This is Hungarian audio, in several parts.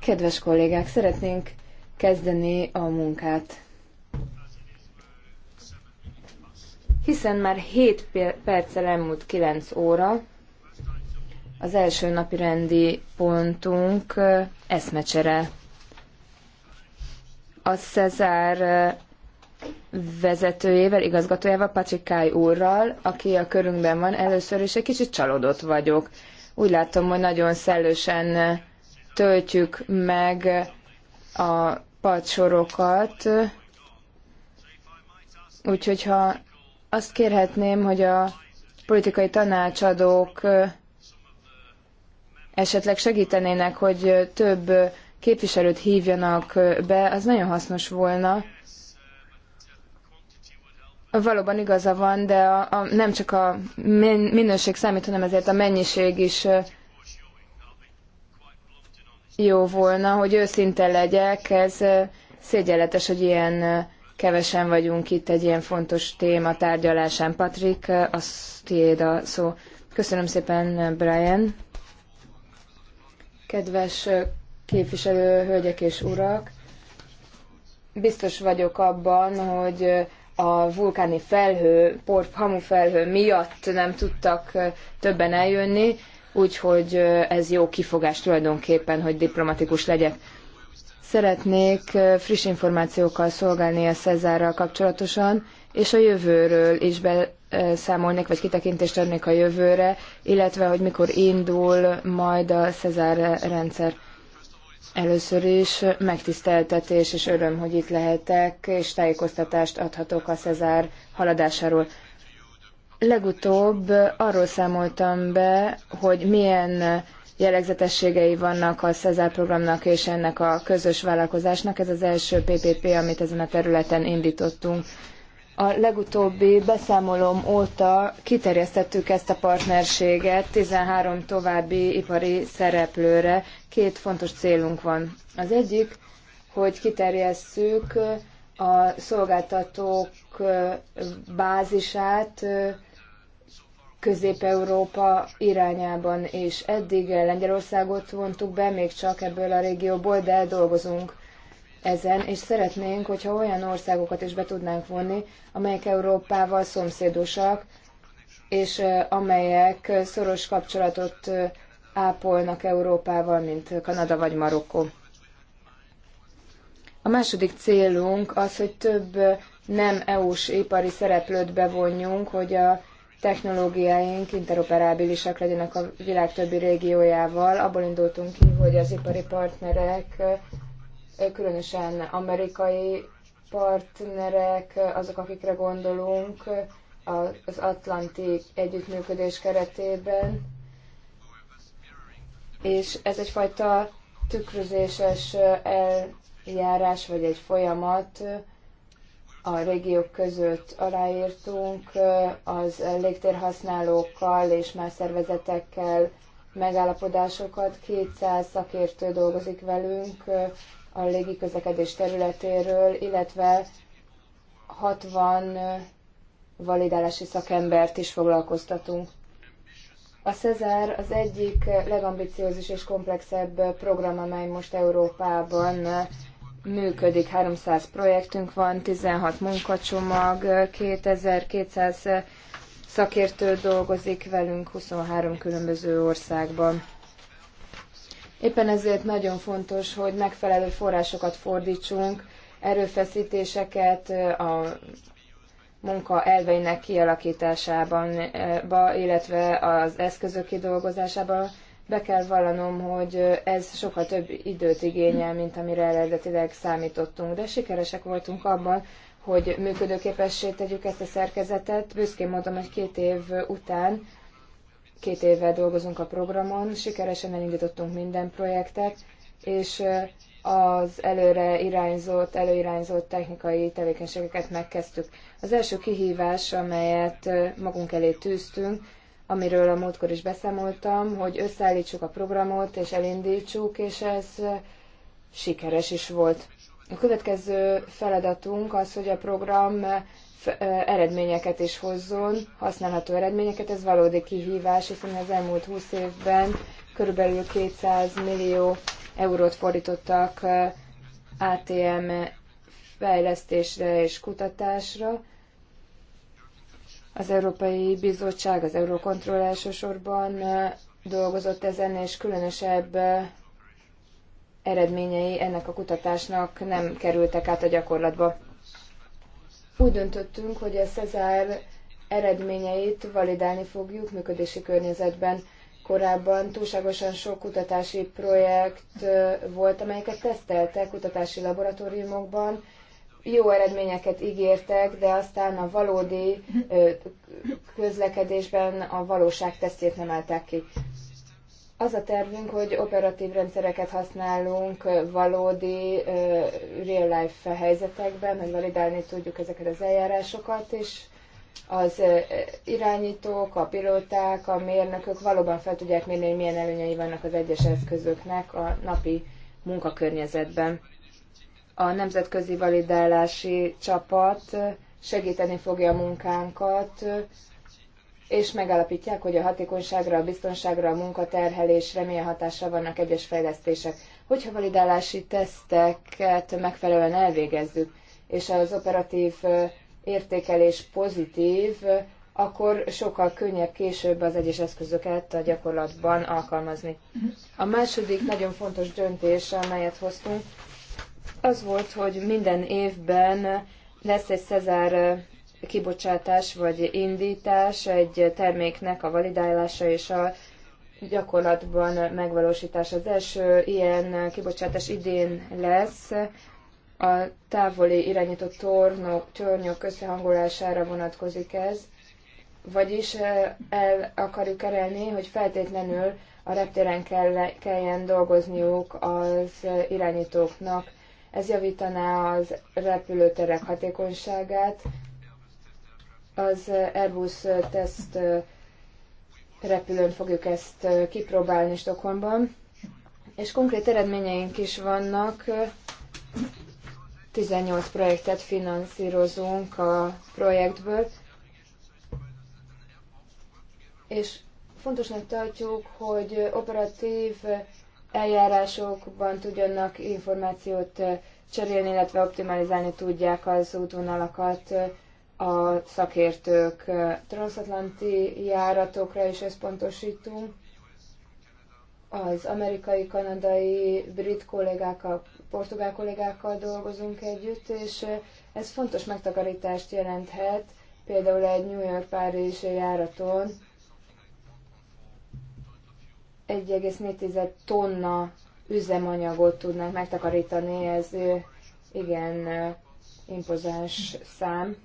Kedves kollégák, szeretnénk kezdeni a munkát. Hiszen már 7 perccel elmúlt 9 óra, az első napi rendi pontunk eszmecsere. A Cezár vezetőjével, igazgatójával, Patrick Kály úrral, aki a körünkben van először, és egy kicsit csalódott vagyok. Úgy látom, hogy nagyon szellősen töltjük meg a padsorokat, úgyhogy ha azt kérhetném, hogy a politikai tanácsadók esetleg segítenének, hogy több képviselőt hívjanak be, az nagyon hasznos volna. Valóban igaza van, de a, a, nem csak a minőség számít, hanem ezért a mennyiség is jó volna, hogy őszinte legyek. Ez szégyenletes, hogy ilyen kevesen vagyunk itt egy ilyen fontos téma tárgyalásán. Patrik, az tiéd a szó. Köszönöm szépen, Brian. Kedves képviselő hölgyek és urak, biztos vagyok abban, hogy a vulkáni felhő, por, hamufelhő miatt nem tudtak többen eljönni, úgyhogy ez jó kifogás tulajdonképpen, hogy diplomatikus legyek. Szeretnék friss információkkal szolgálni a Cezárral kapcsolatosan, és a jövőről is beszámolnék, vagy kitekintést adnék a jövőre, illetve hogy mikor indul majd a Cezár rendszer. Először is megtiszteltetés és öröm, hogy itt lehetek, és tájékoztatást adhatok a Cezár haladásáról. Legutóbb arról számoltam be, hogy milyen jellegzetességei vannak a Cezár programnak és ennek a közös vállalkozásnak. Ez az első PPP, amit ezen a területen indítottunk a legutóbbi beszámolóm óta kiterjesztettük ezt a partnerséget 13 további ipari szereplőre. Két fontos célunk van. Az egyik, hogy kiterjesszük a szolgáltatók bázisát Közép-Európa irányában, és eddig Lengyelországot vontuk be, még csak ebből a régióból, de dolgozunk ezen, és szeretnénk, hogyha olyan országokat is be tudnánk vonni, amelyek Európával szomszédosak, és amelyek szoros kapcsolatot ápolnak Európával, mint Kanada vagy Marokkó. A második célunk az, hogy több nem EU-s ipari szereplőt bevonjunk, hogy a technológiáink interoperábilisak legyenek a világ többi régiójával. Abból indultunk ki, hogy az ipari partnerek különösen amerikai partnerek, azok, akikre gondolunk az Atlanti együttműködés keretében. És ez egyfajta tükrözéses eljárás, vagy egy folyamat, a régiók között aláírtunk, az légtérhasználókkal és más szervezetekkel megállapodásokat. 200 szakértő dolgozik velünk, a légiközlekedés területéről, illetve 60 uh, validálási szakembert is foglalkoztatunk. A Cezár az egyik legambiciózus és komplexebb program, amely most Európában uh, működik. 300 projektünk van, 16 munkacsomag, 2200 uh, szakértő dolgozik velünk 23 különböző országban. Éppen ezért nagyon fontos, hogy megfelelő forrásokat fordítsunk, erőfeszítéseket a munka elveinek kialakításában, illetve az eszközök kidolgozásában. Be kell vallanom, hogy ez sokkal több időt igényel, mint amire eredetileg számítottunk, de sikeresek voltunk abban, hogy működőképessé tegyük ezt a szerkezetet. Büszkén mondom, hogy két év után Két éve dolgozunk a programon, sikeresen elindítottunk minden projektet, és az előre irányzott, előirányzott technikai tevékenységeket megkezdtük. Az első kihívás, amelyet magunk elé tűztünk, amiről a múltkor is beszámoltam, hogy összeállítsuk a programot és elindítsuk, és ez sikeres is volt. A következő feladatunk az, hogy a program eredményeket is hozzon, használható eredményeket. Ez valódi kihívás, hiszen az elmúlt 20 évben körülbelül 200 millió eurót fordítottak ATM fejlesztésre és kutatásra. Az Európai Bizottság, az Eurocontrol elsősorban dolgozott ezen, és különösebb eredményei ennek a kutatásnak nem kerültek át a gyakorlatba. Úgy döntöttünk, hogy a Cezár eredményeit validálni fogjuk működési környezetben. Korábban túlságosan sok kutatási projekt volt, amelyeket teszteltek kutatási laboratóriumokban, jó eredményeket ígértek, de aztán a valódi közlekedésben a valóság tesztjét nem állták ki. Az a tervünk, hogy operatív rendszereket használunk valódi real-life helyzetekben, hogy validálni tudjuk ezeket az eljárásokat, és az irányítók, a pilóták, a mérnökök valóban fel tudják mérni, hogy milyen előnyei vannak az egyes eszközöknek a napi munkakörnyezetben. A nemzetközi validálási csapat segíteni fogja a munkánkat, és megállapítják, hogy a hatékonyságra, a biztonságra, a munkaterhelésre milyen hatással vannak egyes fejlesztések. Hogyha validálási teszteket megfelelően elvégezzük, és az operatív értékelés pozitív, akkor sokkal könnyebb később az egyes eszközöket a gyakorlatban alkalmazni. A második nagyon fontos döntés, amelyet hoztunk, az volt, hogy minden évben lesz egy Cezár kibocsátás vagy indítás egy terméknek a validálása és a gyakorlatban megvalósítás. Az első ilyen kibocsátás idén lesz a távoli irányított tornó tornyok összehangolására vonatkozik ez, vagyis eh, el akarjuk kerelni, hogy feltétlenül a reptéren kell, kelljen dolgozniuk az irányítóknak. Ez javítaná az repülőterek hatékonyságát, az Airbus teszt repülőn fogjuk ezt kipróbálni Stockholmban, és konkrét eredményeink is vannak. 18 projektet finanszírozunk a projektből, és fontosnak tartjuk, hogy operatív eljárásokban tudjanak információt cserélni, illetve optimalizálni tudják az útvonalakat a szakértők transatlanti járatokra is összpontosítunk. Az amerikai, kanadai, brit kollégákkal, portugál kollégákkal dolgozunk együtt, és ez fontos megtakarítást jelenthet, például egy New York-Párizs járaton 1,4 tonna üzemanyagot tudnak megtakarítani, ez igen impozáns szám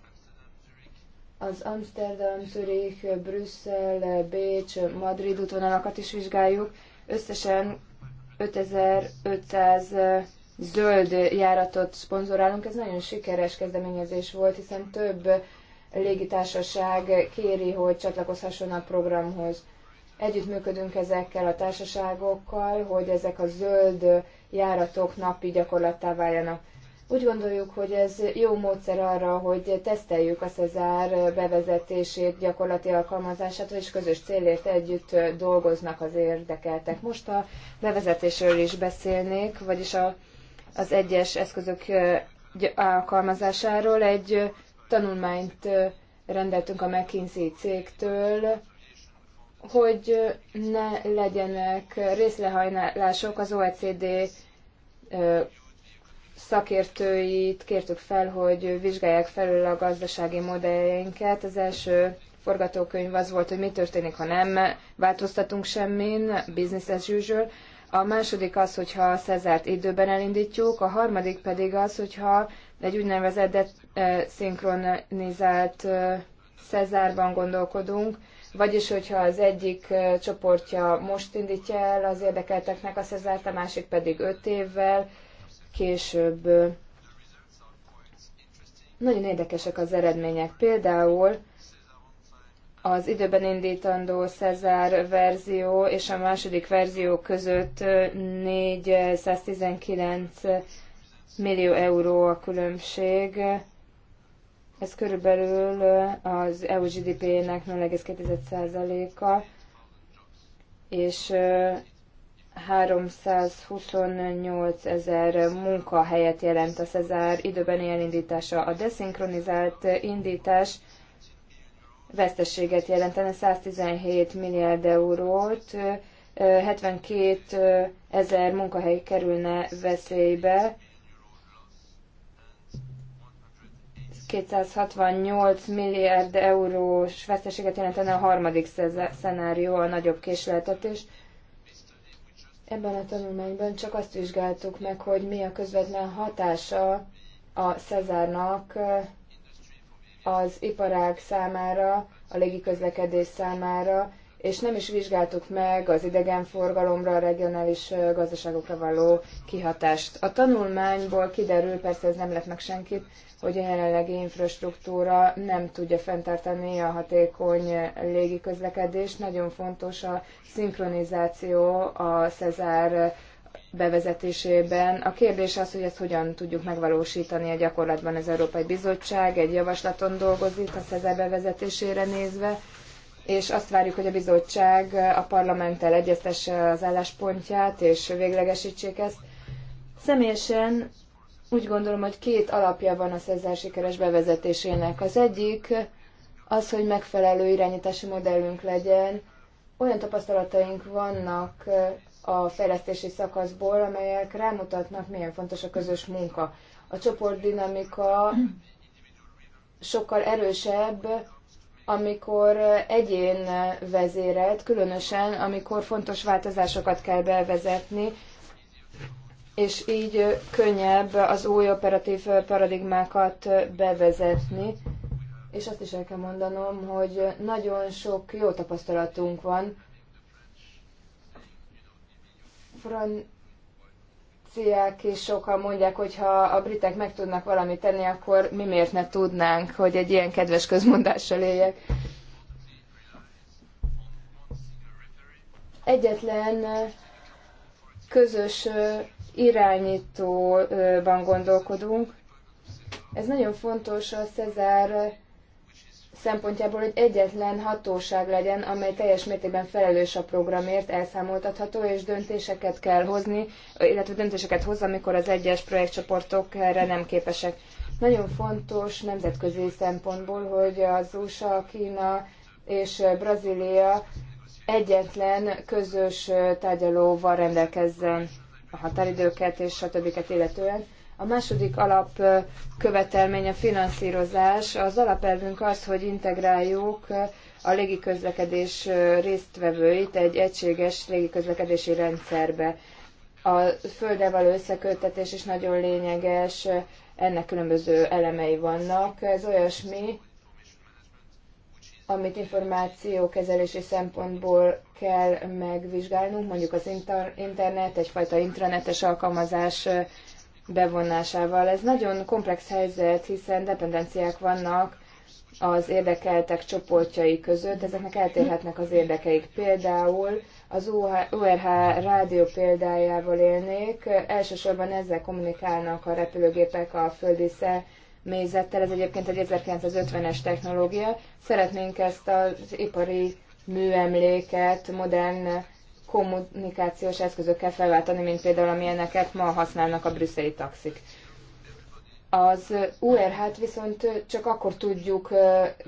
az Amsterdam, Zürich, Brüsszel, Bécs, Madrid útvonalakat is vizsgáljuk. Összesen 5500 zöld járatot szponzorálunk. Ez nagyon sikeres kezdeményezés volt, hiszen több légitársaság kéri, hogy csatlakozhasson a programhoz. Együttműködünk ezekkel a társaságokkal, hogy ezek a zöld járatok napi gyakorlattá váljanak. Úgy gondoljuk, hogy ez jó módszer arra, hogy teszteljük a Cezár bevezetését, gyakorlati alkalmazását, vagyis közös célért együtt dolgoznak az érdekeltek. Most a bevezetésről is beszélnék, vagyis a, az egyes eszközök alkalmazásáról. Egy tanulmányt rendeltünk a McKinsey cégtől, hogy ne legyenek részlehajlások az OECD szakértőit kértük fel, hogy vizsgálják felül a gazdasági modelljeinket. Az első forgatókönyv az volt, hogy mi történik, ha nem változtatunk semmin, business as usual. A második az, hogyha a szezárt időben elindítjuk, a harmadik pedig az, hogyha egy úgynevezett szinkronizált szezárban gondolkodunk, vagyis hogyha az egyik csoportja most indítja el az érdekelteknek a szezárt, a másik pedig öt évvel, később. Nagyon érdekesek az eredmények. Például az időben indítandó Cezár verzió és a második verzió között 419 millió euró a különbség. Ez körülbelül az EU GDP-nek 0,2%-a, és 328 ezer munkahelyet jelent a Cezár időbeni elindítása. A deszinkronizált indítás vesztességet jelentene 117 milliárd eurót, 72 ezer munkahely kerülne veszélybe, 268 milliárd eurós veszteséget jelentene a harmadik szenárió, a nagyobb késleltetés. Ebben a tanulmányban csak azt vizsgáltuk meg, hogy mi a közvetlen hatása a Cezárnak eh, az iparág számára, a légiközlekedés számára, és nem is vizsgáltuk meg az idegenforgalomra, a regionális eh, gazdaságokra való kihatást. A tanulmányból kiderül, persze ez nem lett meg senkit, hogy a jelenlegi infrastruktúra nem tudja fenntartani a hatékony légiközlekedést. Nagyon fontos a szinkronizáció a Cezár bevezetésében. A kérdés az, hogy ezt hogyan tudjuk megvalósítani a gyakorlatban az Európai Bizottság, egy javaslaton dolgozik a Cezár bevezetésére nézve, és azt várjuk, hogy a bizottság a parlamenttel egyeztesse az álláspontját, és véglegesítsék ezt. Személyesen úgy gondolom, hogy két alapja van a Cezár sikeres bevezetésének. Az egyik az, hogy megfelelő irányítási modellünk legyen. Olyan tapasztalataink vannak eh, a fejlesztési szakaszból, amelyek rámutatnak, milyen fontos a közös munka. A csoportdinamika sokkal erősebb, amikor egyén vezérelt, különösen amikor fontos változásokat kell bevezetni, és így könnyebb az új operatív paradigmákat bevezetni. És azt is el kell mondanom, hogy nagyon sok jó tapasztalatunk van. Franciák is sokan mondják, hogy ha a britek meg tudnak valamit tenni, akkor mi miért ne tudnánk, hogy egy ilyen kedves közmondással éljek. Egyetlen közös irányítóban gondolkodunk. Ez nagyon fontos a Cezár szempontjából, hogy egyetlen hatóság legyen, amely teljes mértékben felelős a programért, elszámoltatható, és döntéseket kell hozni, illetve döntéseket hoz, amikor az egyes projektcsoportok erre nem képesek. Nagyon fontos nemzetközi szempontból, hogy az USA, Kína és Brazília egyetlen közös tárgyalóval rendelkezzen a határidőket és a többiket illetően. A második alapkövetelmény a finanszírozás. Az alapelvünk az, hogy integráljuk a légiközlekedés résztvevőit egy egységes légiközlekedési rendszerbe. A földdel való összeköttetés is nagyon lényeges, ennek különböző elemei vannak. Ez olyasmi, amit információkezelési szempontból kell megvizsgálnunk, mondjuk az internet, egyfajta intranetes alkalmazás bevonásával. Ez nagyon komplex helyzet, hiszen dependenciák vannak az érdekeltek csoportjai között, ezeknek eltérhetnek az érdekeik. Például az ORH rádió példájával élnék, elsősorban ezzel kommunikálnak a repülőgépek a földi mélyzettel, ez egyébként egy 1950-es technológia. Szeretnénk ezt az ipari műemléket modern kommunikációs eszközökkel felváltani, mint például amilyeneket ma használnak a brüsszeli taxik. Az URH-t viszont csak akkor tudjuk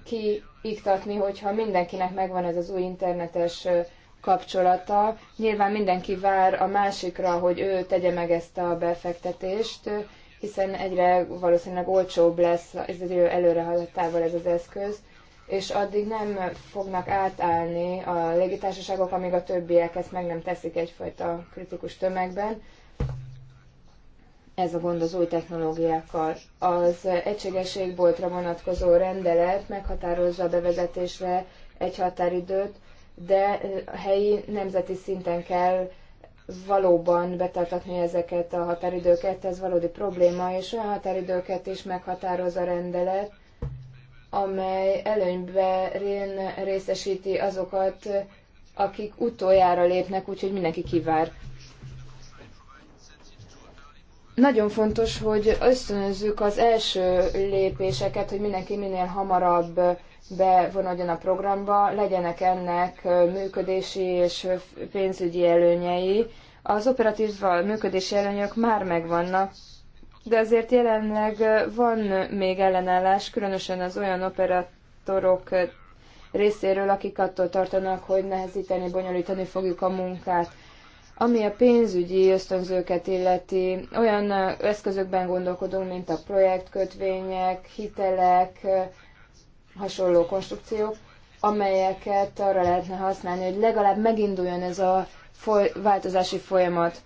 kiiktatni, hogyha mindenkinek megvan ez az új internetes kapcsolata. Nyilván mindenki vár a másikra, hogy ő tegye meg ezt a befektetést, hiszen egyre valószínűleg olcsóbb lesz ez az idő előre haladtával ez az eszköz, és addig nem fognak átállni a légitársaságok, amíg a többiek ezt meg nem teszik egyfajta kritikus tömegben. Ez a gond az új technológiákkal. Az egységes égboltra vonatkozó rendelet meghatározza a bevezetésre egy határidőt, de helyi nemzeti szinten kell valóban betartatni ezeket a határidőket, ez valódi probléma, és olyan határidőket is meghatároz a rendelet, amely előnyben részesíti azokat, akik utoljára lépnek, úgyhogy mindenki kivár. Nagyon fontos, hogy ösztönözzük az első lépéseket, hogy mindenki minél hamarabb bevonódjon a programba, legyenek ennek működési és pénzügyi előnyei. Az operatív működési előnyök már megvannak, de azért jelenleg van még ellenállás, különösen az olyan operatorok részéről, akik attól tartanak, hogy nehezíteni, bonyolítani fogjuk a munkát. Ami a pénzügyi ösztönzőket illeti, olyan eszközökben gondolkodunk, mint a projektkötvények, hitelek, hasonló konstrukciók, amelyeket arra lehetne használni, hogy legalább meginduljon ez a foly- változási folyamat.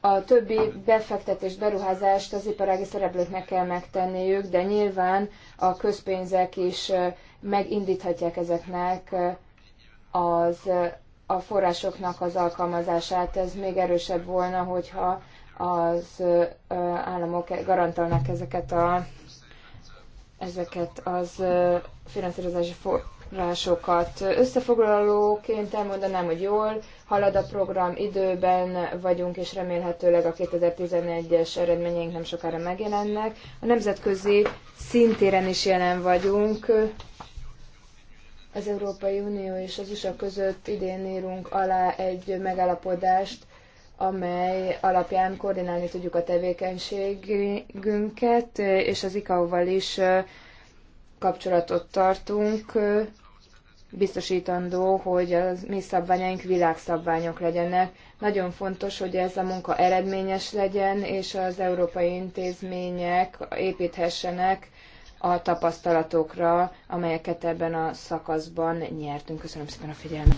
A többi befektetés, beruházást az iparági szereplőknek kell megtenniük, de nyilván a közpénzek is megindíthatják ezeknek az, a forrásoknak az alkalmazását. Ez még erősebb volna, hogyha az államok garantálnak ezeket a ezeket az finanszírozási forrásokat. Összefoglalóként elmondanám, hogy jól halad a program, időben vagyunk, és remélhetőleg a 2011-es eredményeink nem sokára megjelennek. A nemzetközi szintéren is jelen vagyunk. Az Európai Unió és az USA között idén írunk alá egy megállapodást amely alapján koordinálni tudjuk a tevékenységünket, és az ICAO-val is kapcsolatot tartunk, biztosítandó, hogy a mi szabványaink világszabványok legyenek. Nagyon fontos, hogy ez a munka eredményes legyen, és az európai intézmények építhessenek a tapasztalatokra, amelyeket ebben a szakaszban nyertünk. Köszönöm szépen a figyelmet!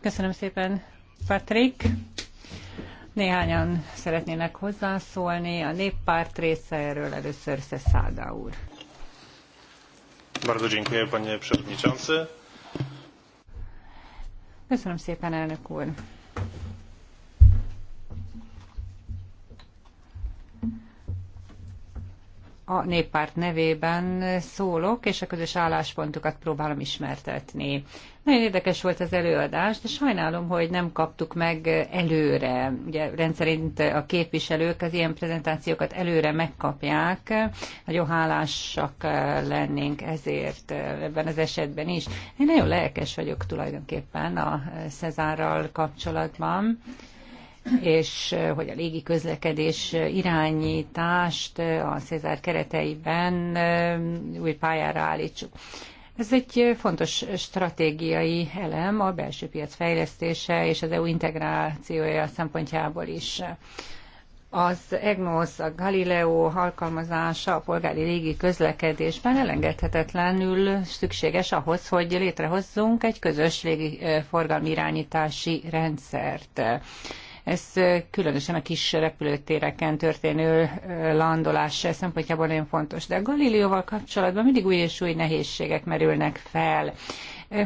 Köszönöm szépen, Néhányan szeretnének hozzászólni. A néppárt részéről először Szeszáda úr. Bardzo dziękuję, panie przewodniczący. Köszönöm szépen, elnök úr. a néppárt nevében szólok, és a közös álláspontokat próbálom ismertetni. Nagyon érdekes volt az előadás, de sajnálom, hogy nem kaptuk meg előre. Ugye rendszerint a képviselők az ilyen prezentációkat előre megkapják. Nagyon hálásak lennénk ezért ebben az esetben is. Én nagyon lelkes vagyok tulajdonképpen a Cezárral kapcsolatban és hogy a légi közlekedés irányítást a Cézár kereteiben új pályára állítsuk. Ez egy fontos stratégiai elem a belső piac fejlesztése és az EU integrációja szempontjából is. Az EGNOS, a Galileo alkalmazása a polgári légi közlekedésben elengedhetetlenül szükséges ahhoz, hogy létrehozzunk egy közös légi forgalmi irányítási rendszert ez különösen a kis repülőtéreken történő landolás szempontjából nagyon fontos. De a Galileóval kapcsolatban mindig új és új nehézségek merülnek fel.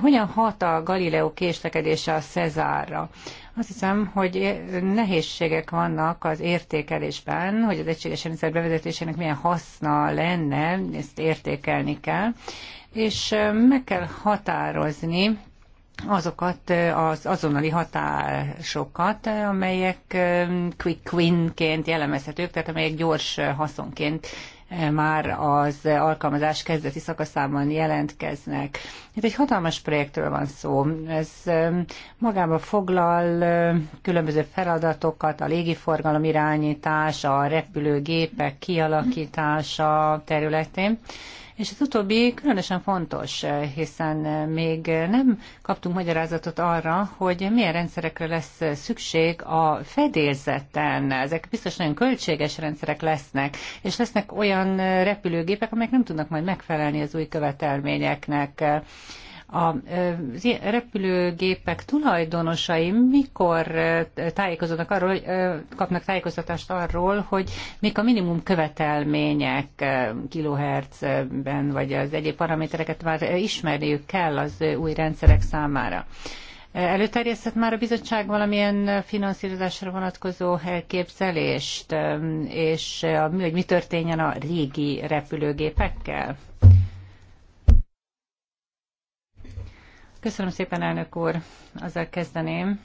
Hogyan hat a Galileo késlekedése a Cezárra? Azt hiszem, hogy nehézségek vannak az értékelésben, hogy az egységes rendszer bevezetésének milyen haszna lenne, ezt értékelni kell, és meg kell határozni azokat az azonnali hatásokat, amelyek quick win-ként jellemezhetők, tehát amelyek gyors haszonként már az alkalmazás kezdeti szakaszában jelentkeznek. Itt egy hatalmas projektről van szó. Ez magába foglal különböző feladatokat, a légiforgalom irányítása, a repülőgépek kialakítása területén. És az utóbbi különösen fontos, hiszen még nem kaptunk magyarázatot arra, hogy milyen rendszerekre lesz szükség a fedélzeten. Ezek biztos nagyon költséges rendszerek lesznek, és lesznek olyan repülőgépek, amelyek nem tudnak majd megfelelni az új követelményeknek a repülőgépek tulajdonosai mikor tájékozódnak arról, hogy kapnak tájékoztatást arról, hogy mik a minimum követelmények kilohertzben, vagy az egyéb paramétereket már ismerniük kell az új rendszerek számára. Előterjesztett már a bizottság valamilyen finanszírozásra vonatkozó elképzelést, és hogy mi történjen a régi repülőgépekkel? Köszönöm szépen, elnök úr. Azzal kezdeném,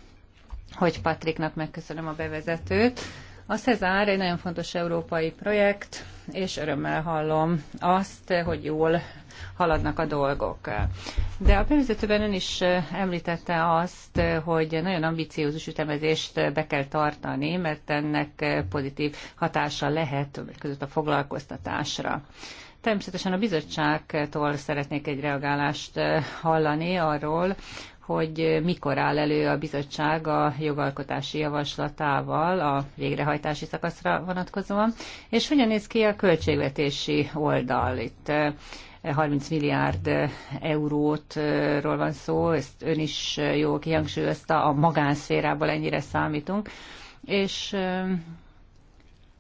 hogy Patriknak megköszönöm a bevezetőt. A Cezár egy nagyon fontos európai projekt, és örömmel hallom azt, hogy jól haladnak a dolgok. De a bevezetőben ön is említette azt, hogy nagyon ambiciózus ütemezést be kell tartani, mert ennek pozitív hatása lehet között a foglalkoztatásra. Természetesen a bizottságtól szeretnék egy reagálást eh, hallani arról, hogy mikor áll elő a bizottság a jogalkotási javaslatával a végrehajtási szakaszra vonatkozóan, és hogyan néz ki a költségvetési oldal itt. 30 eh, milliárd eh, eurótról van szó, ezt ön is jó kihangsúlyozta, a magánszférából ennyire számítunk, és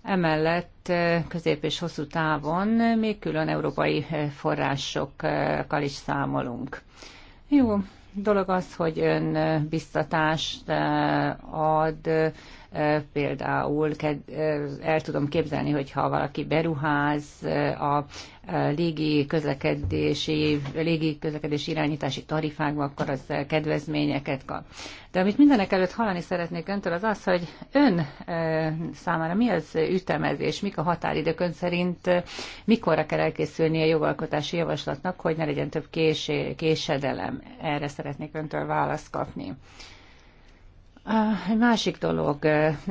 Emellett eh, közép és hosszú távon még külön európai eh, forrásokkal is számolunk. Jó dolog az, hogy ön eh, biztatást ad Például el tudom képzelni, hogy ha valaki beruház a légi közlekedési, légi közlekedési irányítási tarifákba, akkor az kedvezményeket kap. De amit mindenek előtt hallani szeretnék öntől, az az, hogy ön e, számára mi az ütemezés, mik a határidők ön szerint, mikorra kell elkészülni a jogalkotási javaslatnak, hogy ne legyen több késé, késedelem. Erre szeretnék öntől választ kapni. Egy másik dolog,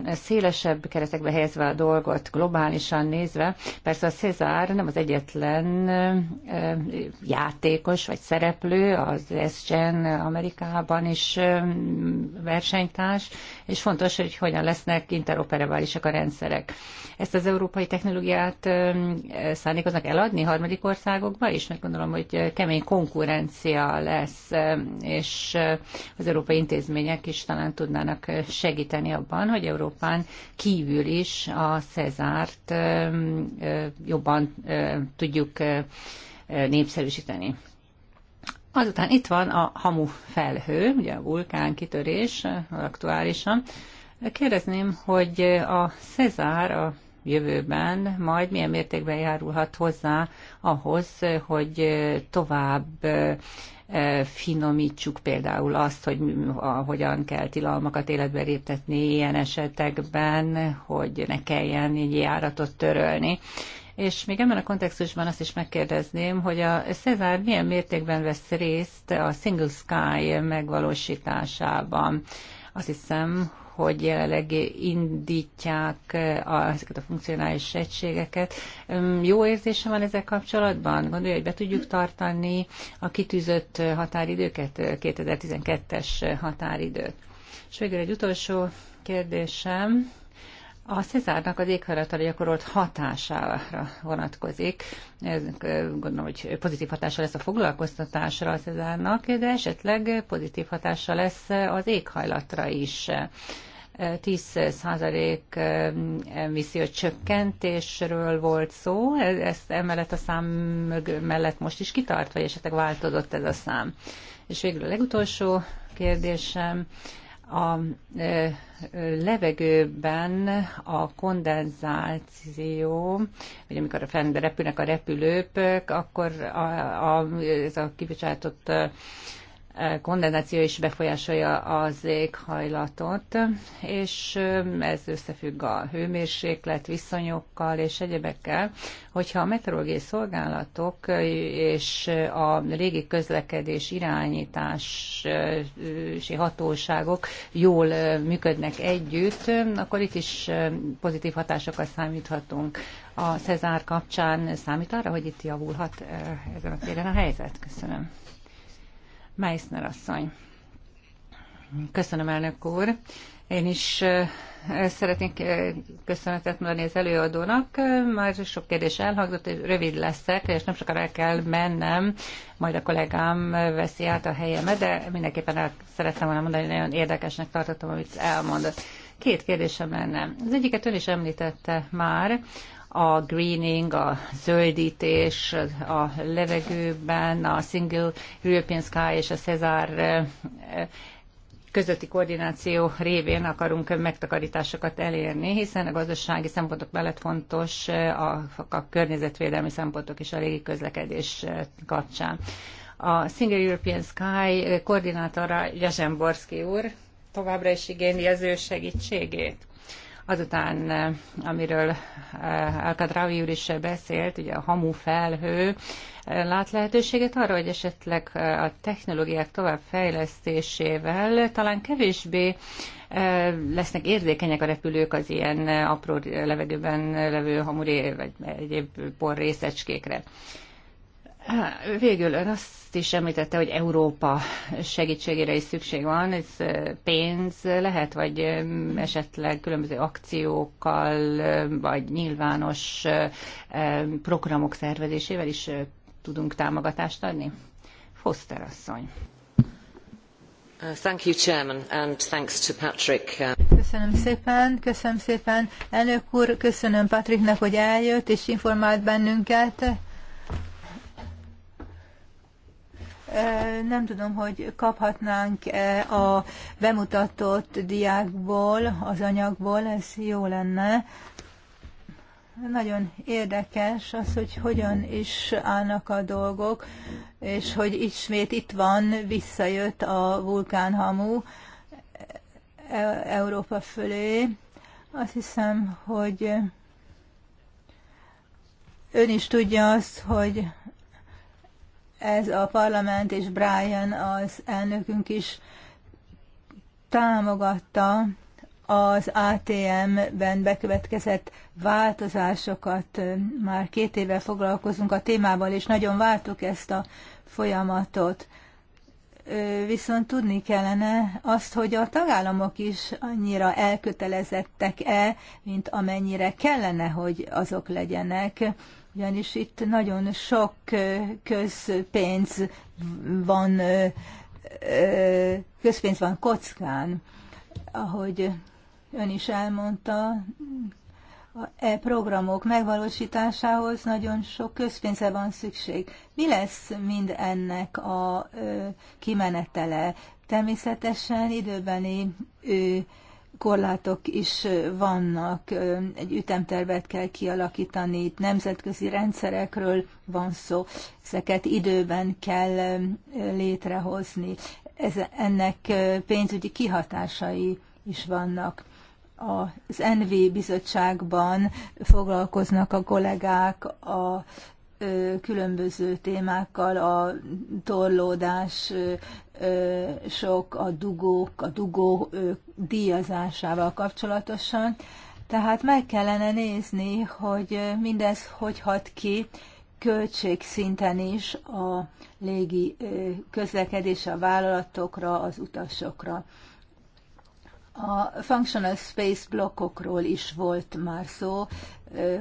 szélesebb keretekbe helyezve a dolgot, globálisan nézve, persze a Cézár nem az egyetlen játékos vagy szereplő, az SGN Amerikában is versenytárs, és fontos, hogy hogyan lesznek interoperabálisak a rendszerek. Ezt az európai technológiát szándékoznak eladni harmadik országokba és meg gondolom, hogy kemény konkurencia lesz, és az európai intézmények is talán tudnának segíteni abban, hogy Európán kívül is a Cezárt jobban tudjuk népszerűsíteni. Azután itt van a hamu felhő, ugye a vulkán kitörés aktuálisan. Kérdezném, hogy a Cezár a jövőben majd milyen mértékben járulhat hozzá ahhoz, hogy tovább eh, finomítsuk például azt, hogy hogyan kell tilalmakat életbe léptetni ilyen esetekben, hogy ne kelljen egy járatot törölni. És még ebben a kontextusban azt is megkérdezném, hogy a Cezár milyen mértékben vesz részt a Single Sky megvalósításában. Azt hiszem, hogy jelenleg indítják eh, a, ezeket a funkcionális egységeket. Jó érzése van ezzel kapcsolatban? Gondolja, hogy be tudjuk tartani a kitűzött határidőket, 2012-es eh, határidőt. És végül egy utolsó kérdésem a Cezárnak az éghajlatra gyakorolt hatására vonatkozik. Ez, gondolom, hogy pozitív hatása lesz a foglalkoztatásra a Cezárnak, de esetleg pozitív hatása lesz az éghajlatra is. 10% emisszió csökkentésről volt szó, ezt emellett a szám mellett most is kitart, vagy esetleg változott ez a szám. És végül a legutolsó kérdésem, a e, e, levegőben a kondenzáció, vagy amikor a fent repülnek a repülők, akkor a, a, ez a kibocsátott kondenzáció is befolyásolja az éghajlatot, és ez összefügg a hőmérséklet, viszonyokkal és egyebekkel. Hogyha a meteorológiai szolgálatok és a régi közlekedés irányítási hatóságok jól működnek együtt, akkor itt is pozitív hatásokat számíthatunk. A Cezár kapcsán számít arra, hogy itt javulhat ezen a téren a helyzet? Köszönöm. Meissner asszony. Köszönöm, elnök úr. Én is eh, szeretnék eh, köszönetet mondani az előadónak. Már sok kérdés elhangzott, és rövid leszek, és nem sokára el kell mennem, majd a kollégám veszi át a helyemet, de mindenképpen el szerettem volna mondani, hogy nagyon érdekesnek tartottam, amit elmondott. Két kérdésem lenne. Az egyiket ön is említette már, a greening, a zöldítés a levegőben, a Single European Sky és a Cezár eh, közötti koordináció révén akarunk megtakarításokat elérni, hiszen a gazdasági szempontok mellett fontos eh, a, a környezetvédelmi szempontok és a régi közlekedés eh, kapcsán. A Single European Sky koordinátora Jezsemborszki úr továbbra is igényli az ő segítségét. Azután, eh, amiről eh, Alkadraui úr is beszélt, ugye a hamu felhő, eh, lát lehetőséget arra, hogy esetleg a technológiák továbbfejlesztésével talán kevésbé lesznek érzékenyek a repülők az ilyen apró levegőben levő hamuré vagy egyéb por részecskékre. Végül ön azt is említette, hogy Európa segítségére is szükség van. Ez pénz lehet, vagy esetleg különböző akciókkal, vagy nyilvános programok szervezésével is tudunk támogatást adni? Foster asszony. Uh, thank you, Chairman, and thanks to Patrick. Uh, köszönöm szépen, köszönöm szépen. Elnök úr, köszönöm Patricknek, hogy eljött és informált bennünket Nem tudom, hogy kaphatnánk -e a bemutatott diákból, az anyagból, ez jó lenne. Nagyon érdekes az, hogy hogyan is állnak a dolgok, és hogy ismét itt van, visszajött a vulkánhamu e, Európa fölé. Azt hiszem, hogy ön is tudja azt, hogy ez a parlament és Brian az elnökünk is támogatta az ATM-ben bekövetkezett változásokat. Már két éve foglalkozunk a témával, és nagyon vártuk ezt a folyamatot. Viszont tudni kellene azt, hogy a tagállamok is annyira elkötelezettek-e, mint amennyire kellene, hogy azok legyenek ugyanis itt nagyon sok közpénz van, közpénz van kockán, ahogy ön is elmondta, e programok megvalósításához nagyon sok közpénze van szükség. Mi lesz mind ennek a kimenetele? Természetesen időbeni korlátok is vannak, egy ütemtervet kell kialakítani, itt nemzetközi rendszerekről van szó, ezeket időben kell létrehozni. Ez, ennek pénzügyi kihatásai is vannak. Az NV bizottságban foglalkoznak a kollégák a különböző témákkal, a torlódás sok a dugók, a dugó díjazásával kapcsolatosan. Tehát meg kellene nézni, hogy mindez hogy hat ki költségszinten is a légi közlekedés a vállalatokra, az utasokra. A functional space blokkokról is volt már szó,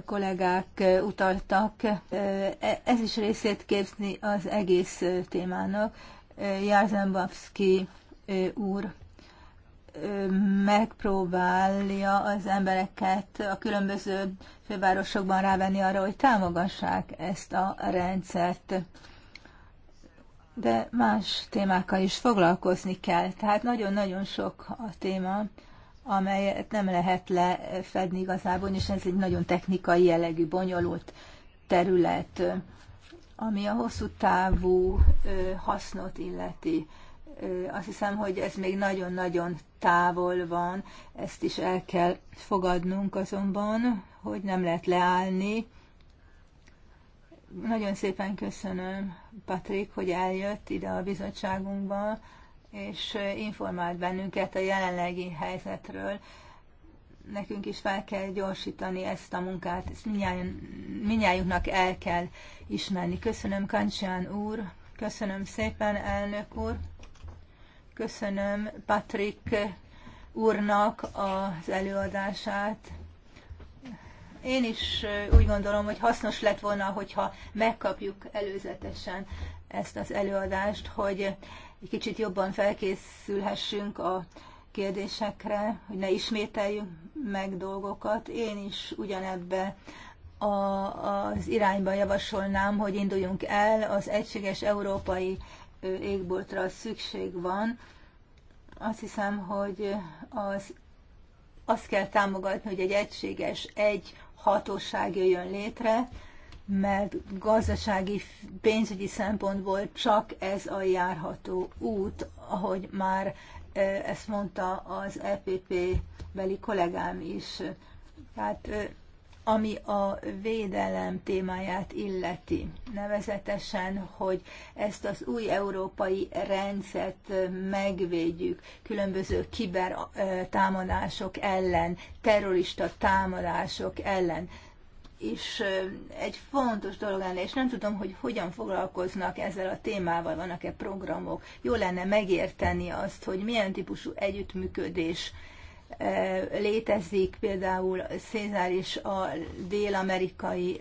kollégák utaltak. E, ez is részét képzni az egész témának. Jarzembowski úr megpróbálja az embereket a különböző fővárosokban rávenni arra, hogy támogassák ezt a rendszert. De más témákkal is foglalkozni kell. Tehát nagyon-nagyon sok a téma, amelyet nem lehet lefedni igazából, és ez egy nagyon technikai jellegű, bonyolult terület. Ami a hosszú távú hasznot illeti, azt hiszem, hogy ez még nagyon-nagyon távol van, ezt is el kell fogadnunk azonban, hogy nem lehet leállni. Nagyon szépen köszönöm, Patrik, hogy eljött ide a bizottságunkba, és informált bennünket a jelenlegi helyzetről nekünk is fel kell gyorsítani ezt a munkát, ezt minnyájunknak el kell ismerni. Köszönöm Kancsán úr, köszönöm szépen elnök úr, köszönöm Patrik úrnak az előadását. Én is úgy gondolom, hogy hasznos lett volna, hogyha megkapjuk előzetesen ezt az előadást, hogy egy kicsit jobban felkészülhessünk a kérdésekre, hogy ne ismételjük meg dolgokat. Én is ugyanebbe a, az irányba javasolnám, hogy induljunk el, az egységes európai égboltra szükség van. Azt hiszem, hogy az, azt kell támogatni, hogy egy egységes, egy hatóság jöjjön létre, mert gazdasági, pénzügyi szempontból csak ez a járható út, ahogy már ezt mondta az EPP beli kollégám is. Tehát ami a védelem témáját illeti, nevezetesen, hogy ezt az új európai rendszert megvédjük különböző kiber támadások ellen, terrorista támadások ellen is egy fontos dolog lenne, és nem tudom, hogy hogyan foglalkoznak ezzel a témával, vannak-e programok. Jó lenne megérteni azt, hogy milyen típusú együttműködés létezik például Szézár és a dél-amerikai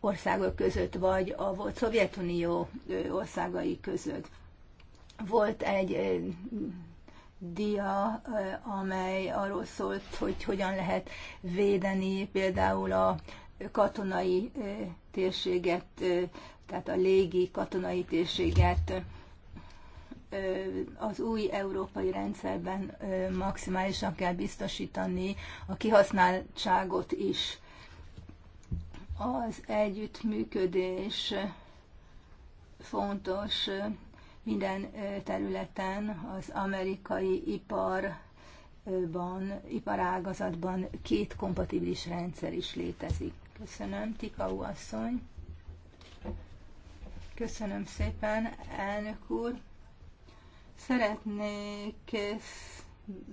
országok között, vagy a volt Szovjetunió országai között. Volt egy dia, amely arról szólt, hogy hogyan lehet védeni például a katonai térséget, tehát a légi katonai térséget az új európai rendszerben maximálisan kell biztosítani a kihasználtságot is. Az együttműködés fontos minden területen, az amerikai iparban, iparágazatban két kompatibilis rendszer is létezik. Köszönöm, Tikau asszony. Köszönöm szépen, elnök úr. Szeretnék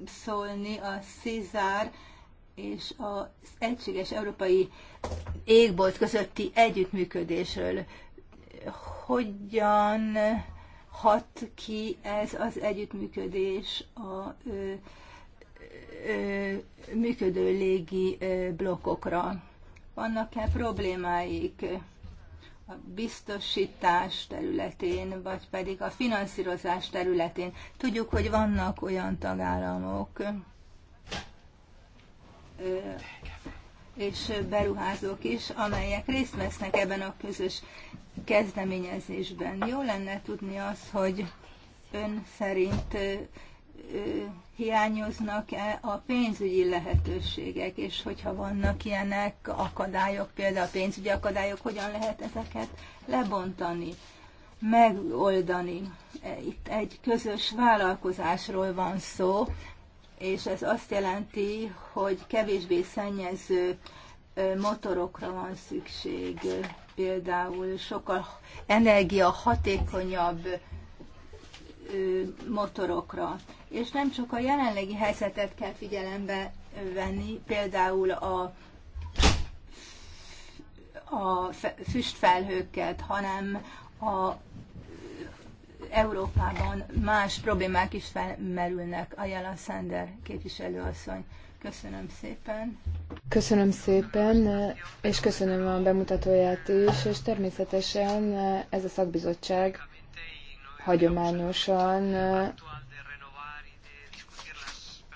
szólni a Cézár és az Egységes Európai Égbolt közötti együttműködésről. Hogyan hat ki ez az együttműködés a ö, ö, működő légi ö, blokkokra? Vannak-e problémáik a biztosítás területén, vagy pedig a finanszírozás területén? Tudjuk, hogy vannak olyan tagállamok, és beruházók is, amelyek részt vesznek ebben a közös kezdeményezésben. Jó lenne tudni az, hogy ön szerint hiányoznak-e a pénzügyi lehetőségek, és hogyha vannak ilyenek akadályok, például a pénzügyi akadályok, hogyan lehet ezeket lebontani, megoldani. E, itt egy közös vállalkozásról van szó, és ez azt jelenti, hogy kevésbé szennyező e, motorokra van szükség, például sokkal energiahatékonyabb motorokra. És nem csak a jelenlegi helyzetet kell figyelembe venni, például a, a füstfelhőket, hanem a Európában más problémák is felmerülnek. Ajala Szender képviselőasszony. Köszönöm szépen. Köszönöm szépen, és köszönöm a bemutatóját is, és természetesen ez a szakbizottság hagyományosan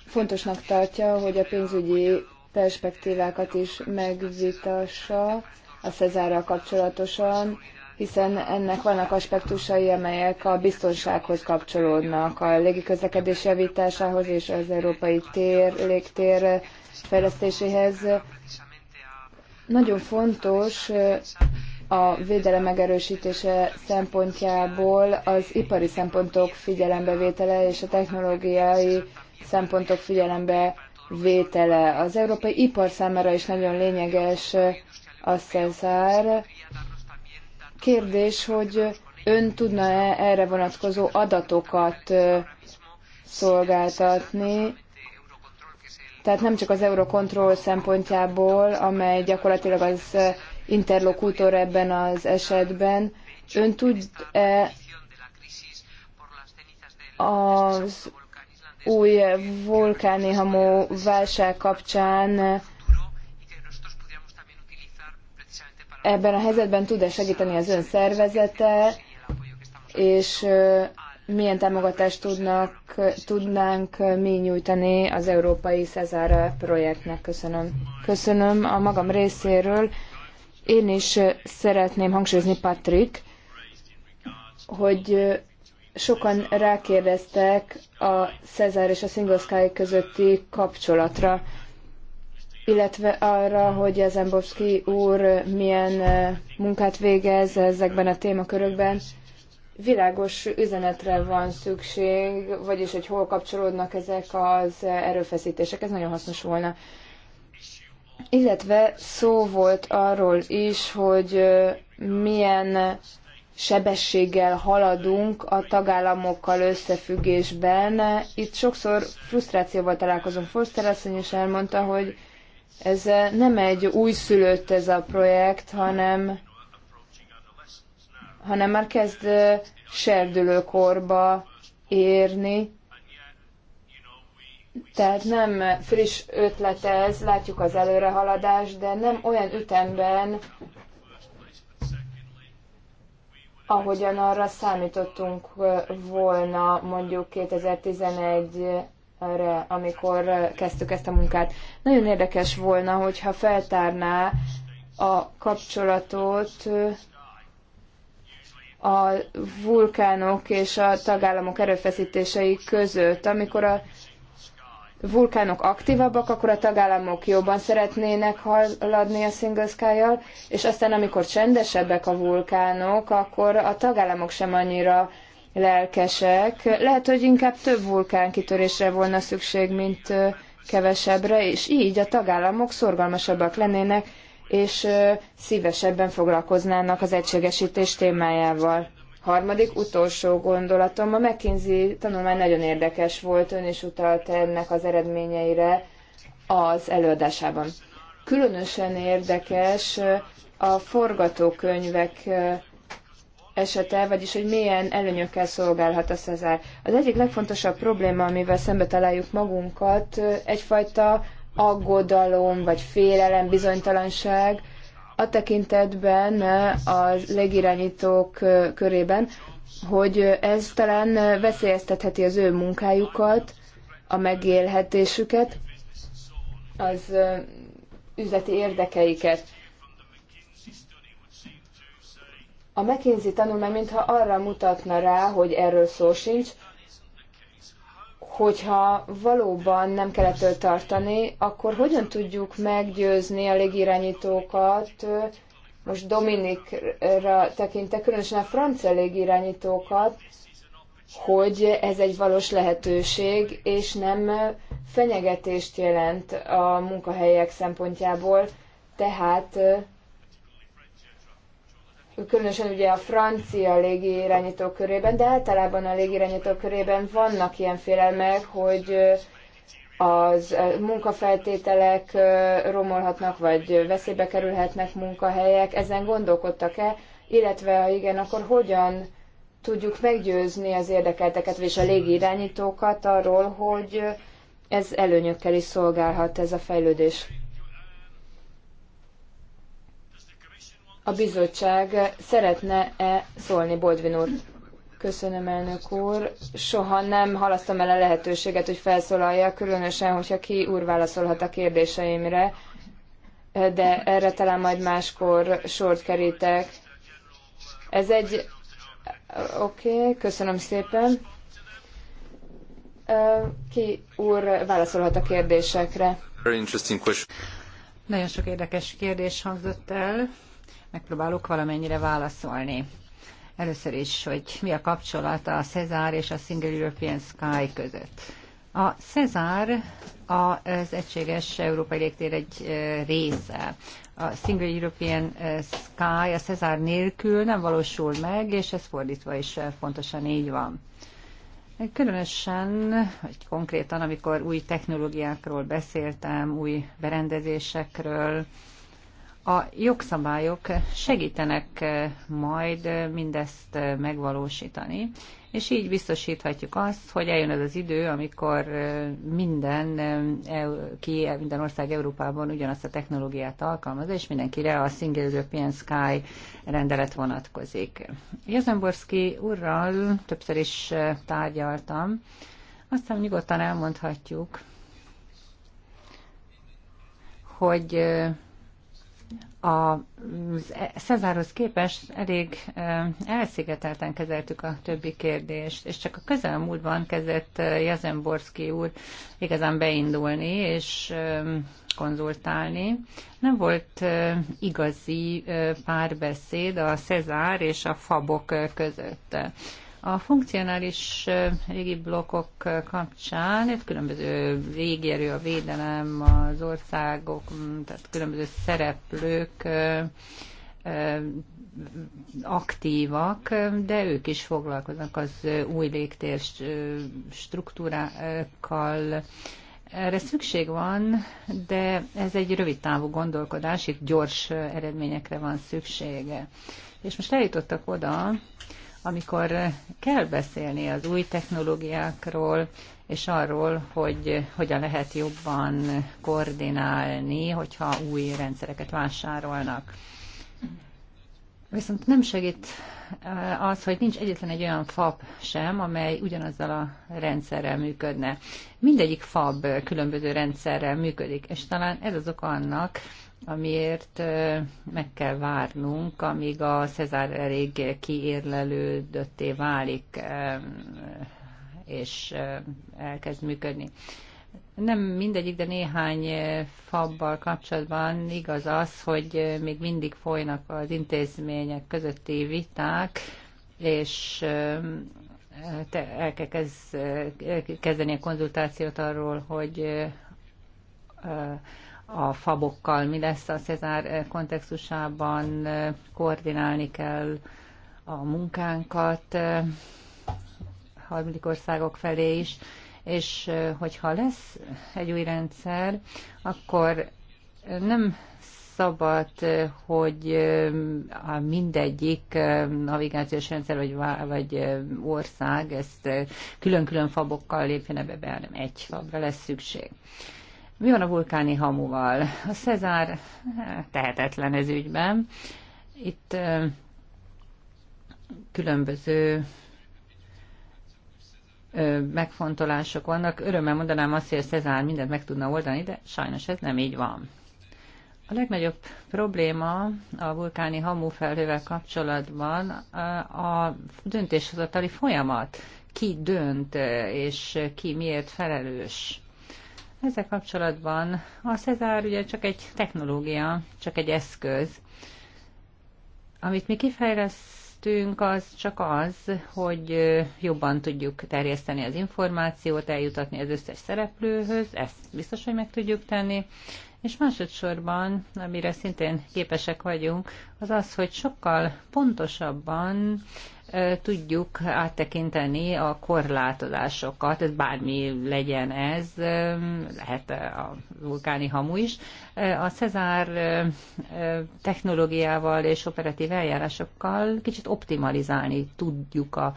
fontosnak tartja, hogy a pénzügyi perspektívákat is megvitassa a Cezárral kapcsolatosan, hiszen ennek vannak aspektusai, amelyek a biztonsághoz kapcsolódnak, a légiközlekedés javításához és az európai tér, légtér fejlesztéséhez. Nagyon fontos a védelem megerősítése szempontjából az ipari szempontok figyelembevétele és a technológiai szempontok figyelembevétele. Az európai ipar számára is nagyon lényeges a Cezár. Kérdés, hogy ön tudna-e erre vonatkozó adatokat szolgáltatni, tehát nem csak az Eurocontrol szempontjából, amely gyakorlatilag az interlokútor ebben az esetben. Ön tud-e az új vulkánihamó válság kapcsán ebben a helyzetben tud-e segíteni az ön szervezete, és milyen támogatást tudnak, tudnánk mi nyújtani az Európai Cezár projektnek? Köszönöm. Köszönöm a magam részéről. Én is szeretném hangsúlyozni, Patrick, hogy sokan rákérdeztek a Cezár és a Single Sky közötti kapcsolatra, illetve arra, hogy Zembowski úr milyen munkát végez ezekben a témakörökben. Világos üzenetre van szükség, vagyis hogy hol kapcsolódnak ezek az erőfeszítések, ez nagyon hasznos volna illetve szó volt arról is, hogy milyen sebességgel haladunk a tagállamokkal összefüggésben. Itt sokszor frusztrációval találkozunk. Foster asszony is elmondta, hogy ez nem egy újszülött ez a projekt, hanem, hanem már kezd serdülőkorba érni. Tehát nem friss ötlet ez, látjuk az előrehaladást, de nem olyan ütemben, ahogyan arra számítottunk volna mondjuk 2011-re, amikor kezdtük ezt a munkát. Nagyon érdekes volna, hogyha feltárná a kapcsolatot a vulkánok és a tagállamok erőfeszítései között, amikor a vulkánok aktívabbak, akkor a tagállamok jobban szeretnének haladni a Single sky és aztán amikor csendesebbek a vulkánok, akkor a tagállamok sem annyira lelkesek. Lehet, hogy inkább több vulkánkitörésre volna szükség, mint kevesebbre, és így a tagállamok szorgalmasabbak lennének, és szívesebben foglalkoznának az egységesítés témájával. Harmadik, utolsó gondolatom, a McKinsey tanulmány nagyon érdekes volt, ön is utalt ennek az eredményeire az előadásában. Különösen érdekes a forgatókönyvek esete, vagyis hogy milyen előnyökkel szolgálhat a Cezár. Az egyik legfontosabb probléma, amivel szembe találjuk magunkat, egyfajta aggodalom, vagy félelem, bizonytalanság, a tekintetben a legirányítók körében, hogy ez talán veszélyeztetheti az ő munkájukat, a megélhetésüket, az üzleti érdekeiket. A McKinsey tanulmány mintha arra mutatna rá, hogy erről szó sincs, hogyha valóban nem kell ettől tartani, akkor hogyan tudjuk meggyőzni a légirányítókat, most Dominikra tekintek, különösen a francia légirányítókat, hogy ez egy valós lehetőség, és nem fenyegetést jelent a munkahelyek szempontjából, tehát különösen ugye a francia légirányító körében, de általában a légirányító körében vannak ilyen félelmek, hogy az munkafeltételek romolhatnak, vagy veszélybe kerülhetnek munkahelyek, ezen gondolkodtak-e, illetve ha igen, akkor hogyan tudjuk meggyőzni az érdekelteket, és a légirányítókat arról, hogy ez előnyökkel is szolgálhat ez a fejlődés. a bizottság szeretne-e szólni, Boldvin úr? Köszönöm, elnök úr. Soha nem halasztom el a lehetőséget, hogy felszólalja, különösen, hogyha ki úr válaszolhat a kérdéseimre, de erre talán majd máskor sort kerítek. Ez egy... Oké, okay, köszönöm szépen. Ki úr válaszolhat a kérdésekre? Nagyon sok érdekes kérdés hangzott el Megpróbálok valamennyire válaszolni. Először is, hogy mi a kapcsolata a Cezár és a Single European Sky között. A Cezár az egységes európai légtér egy része. A Single European Sky a Cezár nélkül nem valósul meg, és ez fordítva is pontosan így van. Különösen, vagy konkrétan, amikor új technológiákról beszéltem, új berendezésekről, a jogszabályok segítenek eh, majd eh, mindezt eh, megvalósítani, és így biztosíthatjuk azt, hogy eljön az az idő, amikor minden, ki, minden ország Európában ugyanazt a technológiát alkalmaz, és mindenkire a Single European Sky rendelet vonatkozik. Jazemborski úrral többször is tárgyaltam, aztán nyugodtan elmondhatjuk, hogy a e, Cezárhoz képest elég e, elszigetelten kezeltük a többi kérdést, és csak a közelmúltban kezdett e, Jazemborszki úr igazán beindulni és konzultálni. Nem volt igazi párbeszéd a Cezár és a Fabok között. A funkcionális régi blokkok kapcsán, itt különböző végérő a védelem, az országok, tehát különböző szereplők aktívak, de ők is foglalkoznak az új légtér struktúrákkal, erre szükség van, de ez egy rövid távú gondolkodás, itt gyors eredményekre van szüksége. És most eljutottak oda, amikor eh, kell beszélni az új technológiákról, és arról, hogy hogyan lehet jobban koordinálni, hogyha új rendszereket vásárolnak. Viszont nem segít eh, az, hogy nincs egyetlen egy olyan fab sem, amely ugyanazzal a rendszerrel működne. Mindegyik fab különböző rendszerrel működik, és talán ez az oka annak, amiért meg kell várnunk, amíg a Cezár elég kiérlelődötté válik, és elkezd működni. Nem mindegyik, de néhány fabbal kapcsolatban igaz az, hogy még mindig folynak az intézmények közötti viták, és el kell kezdeni a konzultációt arról, hogy a fabokkal, mi lesz a Cezár kontextusában, koordinálni kell a munkánkat eh, harmadik országok felé is, és eh, hogyha lesz egy új rendszer, akkor nem szabad, eh, hogy a mindegyik navigációs rendszer vagy, vagy ország ezt külön-külön fabokkal lépjen ebbe be, hanem egy fabra lesz szükség. Mi van a vulkáni hamuval? A Cezár tehetetlen ez ügyben. Itt különböző megfontolások vannak. Örömmel mondanám azt, hogy a Cezár mindent meg tudna oldani, de sajnos ez nem így van. A legnagyobb probléma a vulkáni hamufelhővel kapcsolatban a döntéshozatali folyamat. Ki dönt, és ki miért felelős. Ezzel kapcsolatban a Cezár ugye csak egy technológia, csak egy eszköz. Amit mi kifejlesztünk, az csak az, hogy jobban tudjuk terjeszteni az információt, eljutatni az összes szereplőhöz, ezt biztos, hogy meg tudjuk tenni, és másodszorban, amire szintén képesek vagyunk, az az, hogy sokkal pontosabban tudjuk áttekinteni a korlátozásokat, ez bármi legyen ez, lehet a vulkáni hamu is. A Cezár technológiával és operatív eljárásokkal kicsit optimalizálni tudjuk a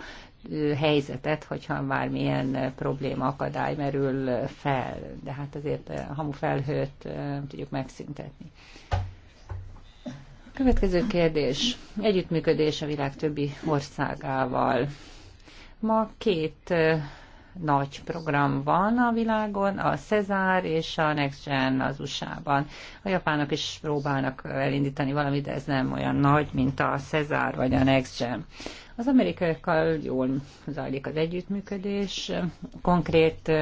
helyzetet, hogyha bármilyen probléma, akadály merül fel, de hát azért a hamu felhőt tudjuk megszüntetni. Következő kérdés. Együttműködés a világ többi országával. Ma két nagy program van a világon, a Cezár és a Next Gen az USA-ban. A japánok is próbálnak elindítani valamit, de ez nem olyan nagy, mint a Cezár vagy a Next Gen. Az amerikaiakkal jól zajlik az együttműködés, konkrét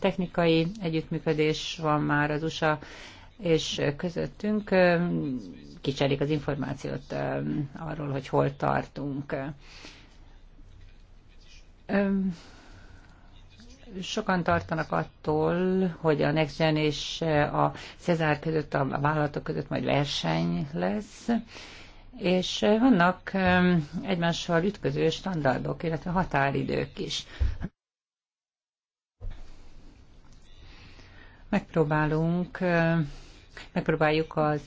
technikai együttműködés van már az USA és közöttünk kicserik az információt arról, hogy hol tartunk. Sokan tartanak attól, hogy a NextGen és a Cezár között, a vállalatok között majd verseny lesz, és vannak egymással ütköző standardok, illetve határidők is. Megpróbálunk megpróbáljuk az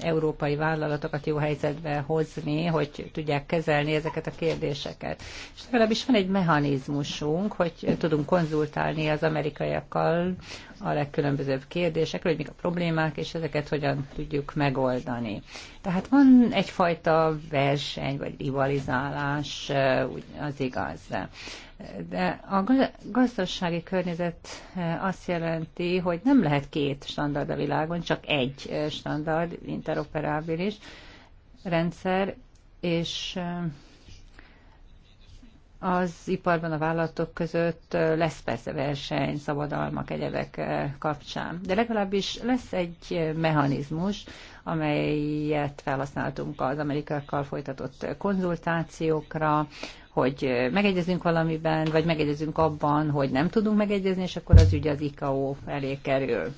európai vállalatokat jó helyzetbe hozni, hogy tudják kezelni ezeket a kérdéseket. És legalábbis van egy mechanizmusunk, hogy tudunk konzultálni az amerikaiakkal a legkülönbözőbb kérdésekről, hogy mik a problémák, és ezeket hogyan tudjuk megoldani. Tehát van egyfajta verseny, vagy rivalizálás, az igaz. De a gazdasági környezet eh, azt jelenti, hogy nem lehet két standard a világon, csak egy eh, standard, interoperábilis rendszer, és eh, az iparban a vállalatok között lesz persze verseny, szabadalmak, egyebek kapcsán. De legalábbis lesz egy mechanizmus, amelyet felhasználtunk az amerikákkal folytatott konzultációkra, hogy megegyezünk valamiben, vagy megegyezünk abban, hogy nem tudunk megegyezni, és akkor az ügy az ICAO elé kerül.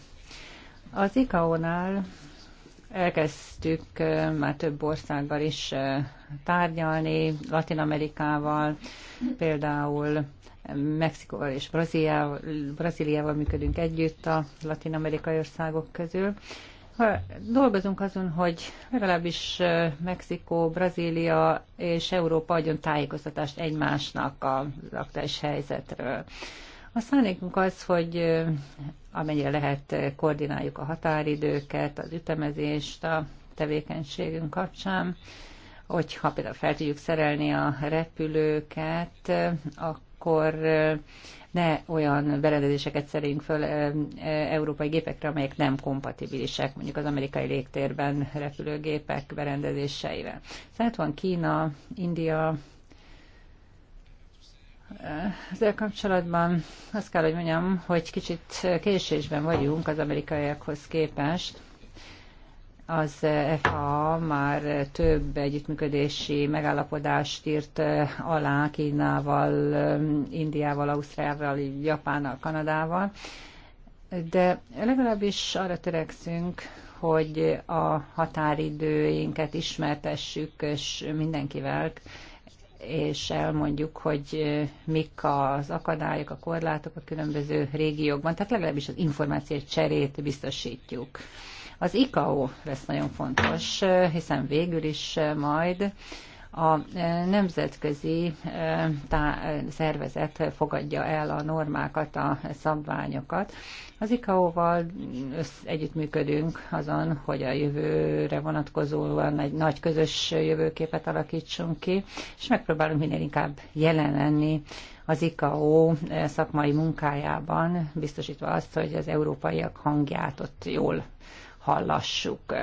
Az ICAO-nál elkezdtük már több országgal is tárgyalni, Latin Amerikával, például Mexikóval és Brazíliával, Brazíliával működünk együtt a latin-amerikai országok közül, Dolgozunk azon, hogy legalábbis Mexikó, Brazília és Európa adjon tájékoztatást egymásnak a aktuális helyzetről. A szándékunk az, hogy amennyire lehet koordináljuk a határidőket, az ütemezést a tevékenységünk kapcsán, hogyha például fel tudjuk szerelni a repülőket, akkor ne olyan berendezéseket szerünk föl európai gépekre, amelyek nem kompatibilisek, mondjuk az amerikai légtérben repülőgépek berendezéseivel. Szóval van Kína, India, ezzel kapcsolatban azt kell, hogy mondjam, hogy kicsit késésben vagyunk az amerikaiakhoz képest, az FA már több együttműködési megállapodást írt eh, alá Kínával, eh, Indiával, Ausztráliával, Japánnal, Kanadával, de legalábbis arra törekszünk, hogy a határidőinket ismertessük, és mindenkivel és elmondjuk, hogy eh, mik az akadályok, a korlátok a különböző régiókban, tehát legalábbis az információ cserét biztosítjuk. Az ICAO lesz nagyon fontos, hiszen végül is majd a nemzetközi szervezet fogadja el a normákat, a szabványokat. Az ICAO-val együttműködünk azon, hogy a jövőre vonatkozóan egy nagy közös jövőképet alakítsunk ki, és megpróbálunk minél inkább jelen lenni az ICAO szakmai munkájában, biztosítva azt, hogy az európaiak hangját ott jól hallassuk.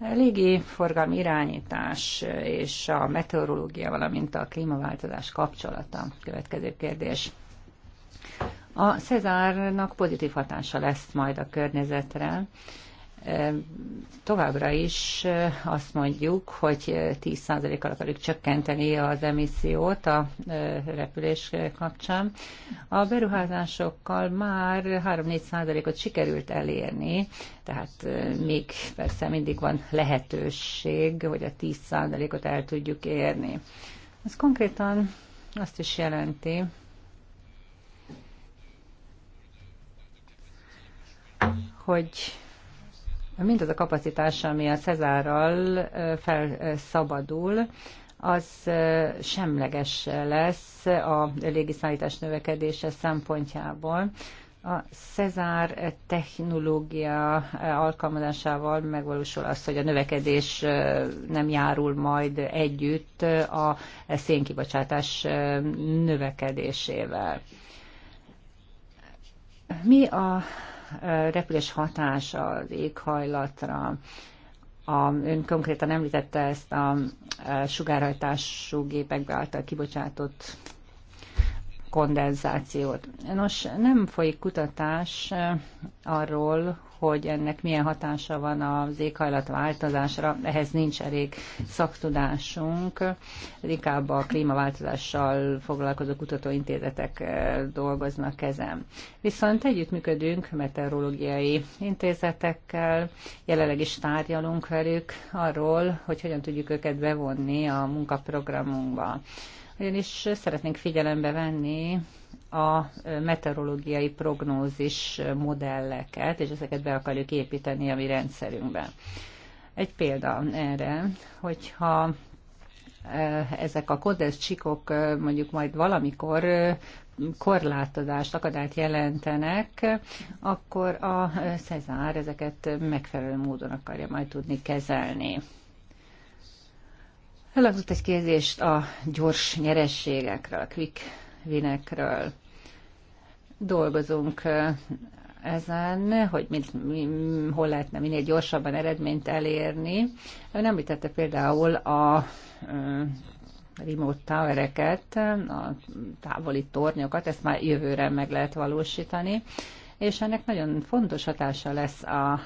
Légi forgalmi irányítás és a meteorológia, valamint a klímaváltozás kapcsolata. Következő kérdés. A Cezárnak pozitív hatása lesz majd a környezetre, Továbbra is azt mondjuk, hogy 10%-kal akarjuk csökkenteni az emissziót a repülés kapcsán. A beruházásokkal már 3-4%-ot sikerült elérni, tehát még persze mindig van lehetőség, hogy a 10%-ot el tudjuk érni. Ez konkrétan azt is jelenti, hogy mindaz a kapacitás, ami a Cezárral felszabadul, az semleges lesz a légiszállítás növekedése szempontjából. A Cezár technológia alkalmazásával megvalósul az, hogy a növekedés nem járul majd együtt a szénkibocsátás növekedésével. Mi a repülés hatása az éghajlatra, a, ön konkrétan említette ezt a sugárhajtású gépekbe által kibocsátott kondenzációt. Nos, nem folyik kutatás arról, hogy ennek milyen hatása van az éghajlatváltozásra, ehhez nincs elég szaktudásunk. Inkább a klímaváltozással foglalkozó kutatóintézetek eh, dolgoznak ezen. Viszont együttműködünk meteorológiai intézetekkel, jelenleg is tárgyalunk velük arról, hogy hogyan tudjuk őket bevonni a munkaprogramunkba. Ugyanis szeretnénk figyelembe venni a meteorológiai prognózis modelleket, és ezeket be akarjuk építeni a mi rendszerünkben. Egy példa erre, hogyha e, ezek a kodesz csikok e, mondjuk majd valamikor e, korlátozást, akadályt jelentenek, akkor a Cezár ezeket megfelelő módon akarja majd tudni kezelni. Elhangzott egy kérdést a gyors nyerességekre, a quick vinekről. Dolgozunk ezen, hogy mit, mi, hol lehetne minél gyorsabban eredményt elérni. Ön említette például a remote towereket, a távoli tornyokat, ezt már jövőre meg lehet valósítani, és ennek nagyon fontos hatása lesz a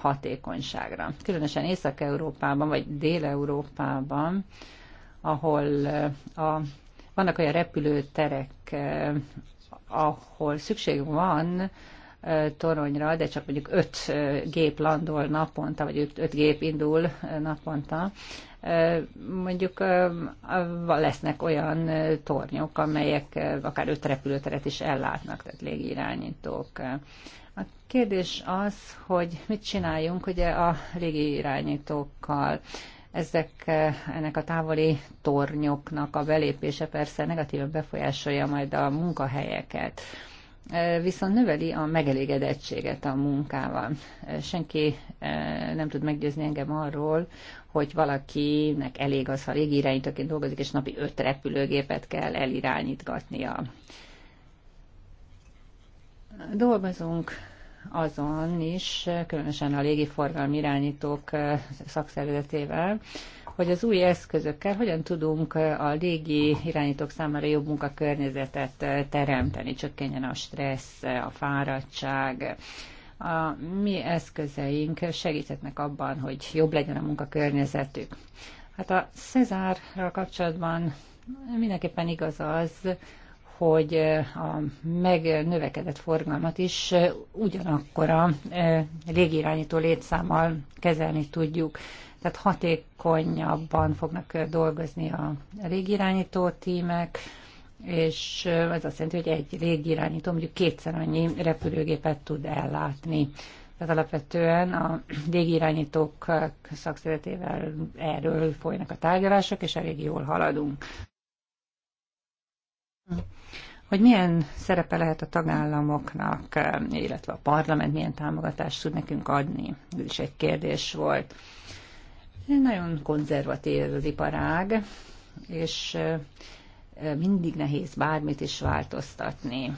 hatékonyságra. Különösen Észak-Európában, vagy Dél-Európában, ahol a vannak olyan repülőterek, eh, ahol szükség van eh, toronyra, de csak mondjuk 5 eh, gép landol naponta, vagy 5 gép indul naponta, mondjuk lesznek olyan tornyok, amelyek akár öt repülőteret is ellátnak, tehát légirányítók. A kérdés az, hogy mit csináljunk ugye a légirányítókkal. Ezek eh, ennek a távoli tornyoknak a belépése persze negatívan befolyásolja majd a munkahelyeket eh, viszont növeli a megelégedettséget a munkával. Eh, senki nem tud meggyőzni engem arról, hogy valakinek elég az, ha légirányítóként dolgozik, és napi öt repülőgépet kell elirányítgatnia. Dolgozunk azon is, különösen a légiforgalmi irányítók eh, szakszervezetével, hogy az új eszközökkel hogyan tudunk eh, a légi irányítók számára jobb munkakörnyezetet eh, teremteni, csökkenjen a stressz, a fáradtság. A mi eszközeink segíthetnek abban, hogy jobb legyen a munkakörnyezetük. Hát a Cezárral kapcsolatban mindenképpen igaz az, hogy a megnövekedett forgalmat is ugyanakkor a légirányító létszámmal kezelni tudjuk. Tehát hatékonyabban fognak dolgozni a légirányító tímek, és ez azt jelenti, hogy egy légirányító mondjuk kétszer annyi repülőgépet tud ellátni. Tehát alapvetően a légirányítók szakszeretével erről folynak a tárgyalások, és elég jól haladunk hogy milyen szerepe lehet a tagállamoknak, illetve a parlament milyen támogatást tud nekünk adni. Ez is egy kérdés volt. Nagyon konzervatív az iparág, és mindig nehéz bármit is változtatni.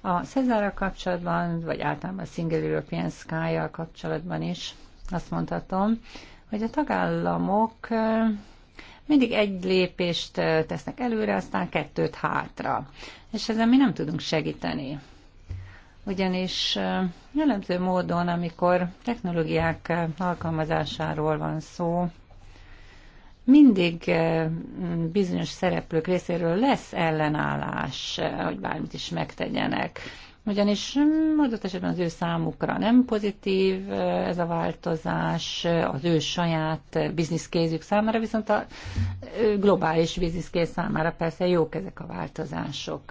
A Cezára kapcsolatban, vagy általában a Single European sky kapcsolatban is azt mondhatom, hogy a tagállamok mindig egy lépést tesznek előre, aztán kettőt hátra. És ezen mi nem tudunk segíteni. Ugyanis jellemző módon, amikor technológiák alkalmazásáról van szó, mindig bizonyos szereplők részéről lesz ellenállás, hogy bármit is megtegyenek ugyanis adott esetben az ő számukra nem pozitív ez a változás, az ő saját bizniszkézük számára, viszont a globális bizniszkéz számára persze jók ezek a változások.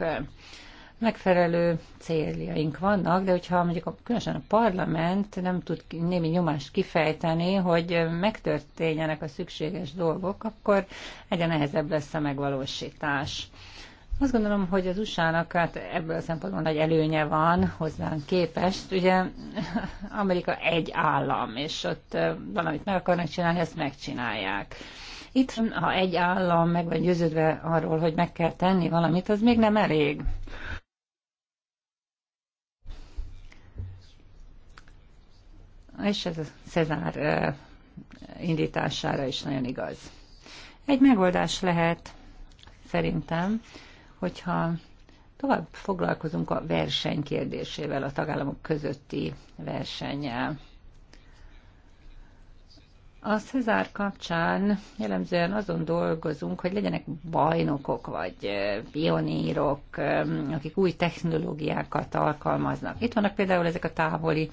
Megfelelő céljaink vannak, de hogyha mondjuk a, különösen a parlament nem tud némi nyomást kifejteni, hogy megtörténjenek a szükséges dolgok, akkor egyre nehezebb lesz a megvalósítás. Azt gondolom, hogy az USA-nak hát ebből a szempontból nagy előnye van hozzánk képest. Ugye Amerika egy állam, és ott valamit meg akarnak csinálni, ezt megcsinálják. Itt, ha egy állam meg van győződve arról, hogy meg kell tenni valamit, az még nem elég. És ez a Cezár indítására is nagyon igaz. Egy megoldás lehet, szerintem, hogyha tovább foglalkozunk a verseny kérdésével, a tagállamok közötti versennyel. A Cezár kapcsán jellemzően azon dolgozunk, hogy legyenek bajnokok vagy pionírok, akik új technológiákat alkalmaznak. Itt vannak például ezek a távoli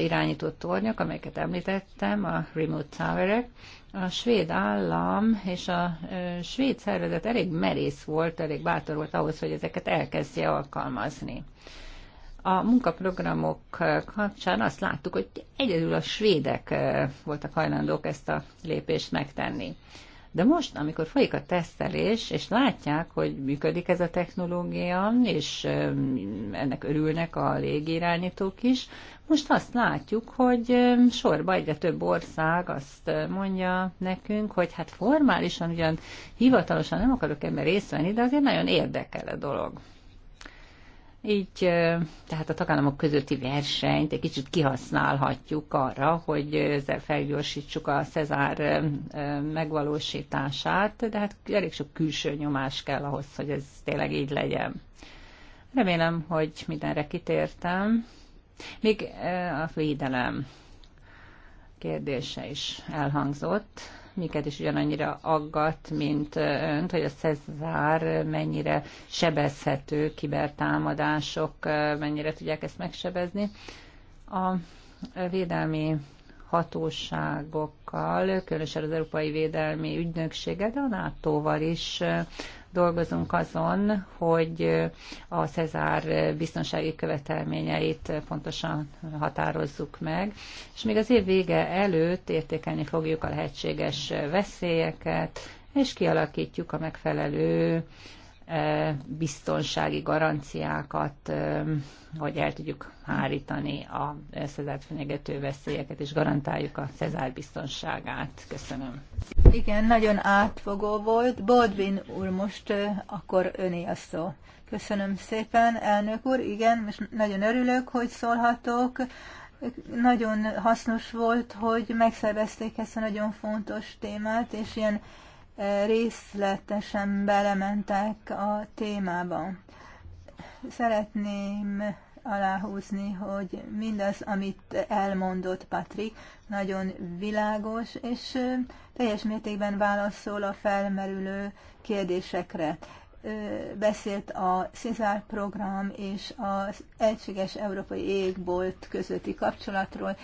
irányított tornyok, amelyeket említettem, a remote towerek, a svéd állam és a svéd szervezet elég merész volt, elég bátor volt ahhoz, hogy ezeket elkezdje alkalmazni. A munkaprogramok kapcsán azt láttuk, hogy egyedül a svédek voltak hajlandók ezt a lépést megtenni. De most, amikor folyik a tesztelés, és látják, hogy működik ez a technológia, és ennek örülnek a légirányítók is, most azt látjuk, hogy sorba egyre több ország azt mondja nekünk, hogy hát formálisan ugyan hivatalosan nem akarok ebben részt venni, de azért nagyon érdekel a dolog. Így tehát a tagállamok közötti versenyt egy kicsit kihasználhatjuk arra, hogy ezzel felgyorsítsuk a Cezár megvalósítását, de hát elég sok külső nyomás kell ahhoz, hogy ez tényleg így legyen. Remélem, hogy mindenre kitértem. Még a védelem kérdése is elhangzott minket is ugyanannyira aggat, mint önt, hogy a Cezár mennyire sebezhető kibertámadások, mennyire tudják ezt megsebezni. A védelmi hatóságokkal, különösen az Európai Védelmi Ügynökséggel, de a NATO-val is dolgozunk azon, hogy a Cezár biztonsági követelményeit pontosan határozzuk meg, és még az év vége előtt értékelni fogjuk a lehetséges veszélyeket, és kialakítjuk a megfelelő biztonsági garanciákat, hogy el tudjuk hárítani a szezárt fenyegető veszélyeket, és garantáljuk a szezárt biztonságát. Köszönöm. Igen, nagyon átfogó volt. Baldwin úr, most akkor öné a szó. Köszönöm szépen, elnök úr. Igen, most nagyon örülök, hogy szólhatok. Nagyon hasznos volt, hogy megszervezték ezt a nagyon fontos témát, és ilyen részletesen belementek a témába. Szeretném aláhúzni, hogy mindaz, amit elmondott Patrik, nagyon világos, és teljes mértékben válaszol a felmerülő kérdésekre beszélt a CESAR program és az Egységes Európai Égbolt közötti kapcsolatról.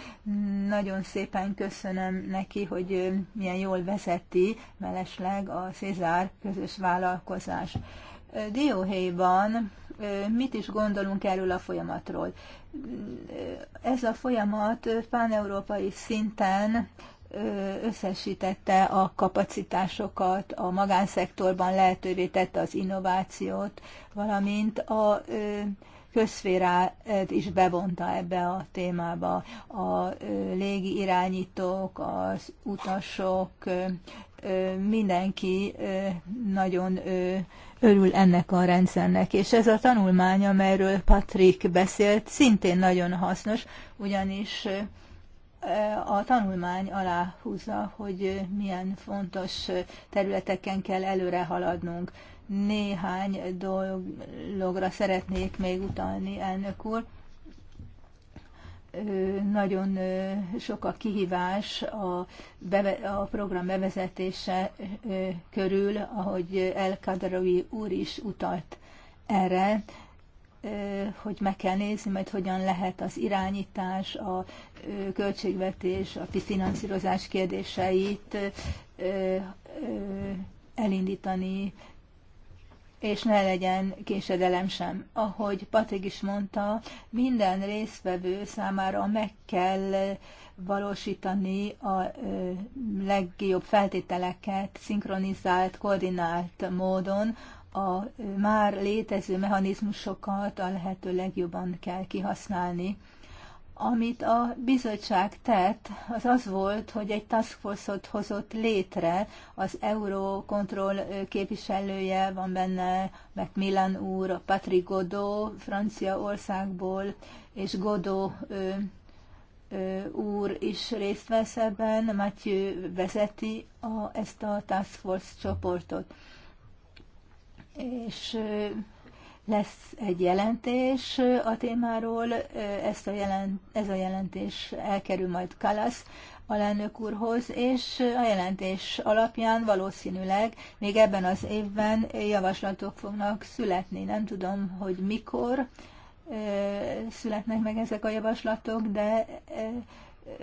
Nagyon szépen köszönöm neki, hogy milyen jól vezeti mellesleg a CESAR közös vállalkozás. Dióhéjban mit is gondolunk erről a folyamatról? Ez a folyamat pan-európai szinten összesítette a kapacitásokat, a magánszektorban lehetővé tette az innovációt, valamint a közszférát is bevonta ebbe a témába. A légi irányítók, az utasok, mindenki nagyon örül ennek a rendszernek. És ez a tanulmány, amelyről Patrik beszélt, szintén nagyon hasznos, ugyanis a tanulmány aláhúzza, hogy milyen fontos területeken kell előre haladnunk. Néhány dologra szeretnék még utalni, elnök úr. Nagyon sok a kihívás a, beve- a program bevezetése körül, ahogy El Kadrawi úr is utalt erre hogy meg kell nézni, majd hogyan lehet az irányítás, a költségvetés, a finanszírozás kérdéseit elindítani, és ne legyen késedelem sem. Ahogy Patrik is mondta, minden résztvevő számára meg kell valósítani a legjobb feltételeket szinkronizált, koordinált módon a már létező mechanizmusokat a lehető legjobban kell kihasználni. Amit a bizottság tett, az az volt, hogy egy task force-ot hozott létre, az Eurocontrol képviselője van benne, Macmillan úr, Patrick Godot Franciaországból, és Godot ö, ö, úr is részt vesz ebben, Mathieu vezeti a, ezt a task force csoportot és lesz egy jelentés a témáról, ezt a jelent, ez a jelentés elkerül majd Kalasz alelnök úrhoz, és a jelentés alapján valószínűleg még ebben az évben javaslatok fognak születni. Nem tudom, hogy mikor születnek meg ezek a javaslatok, de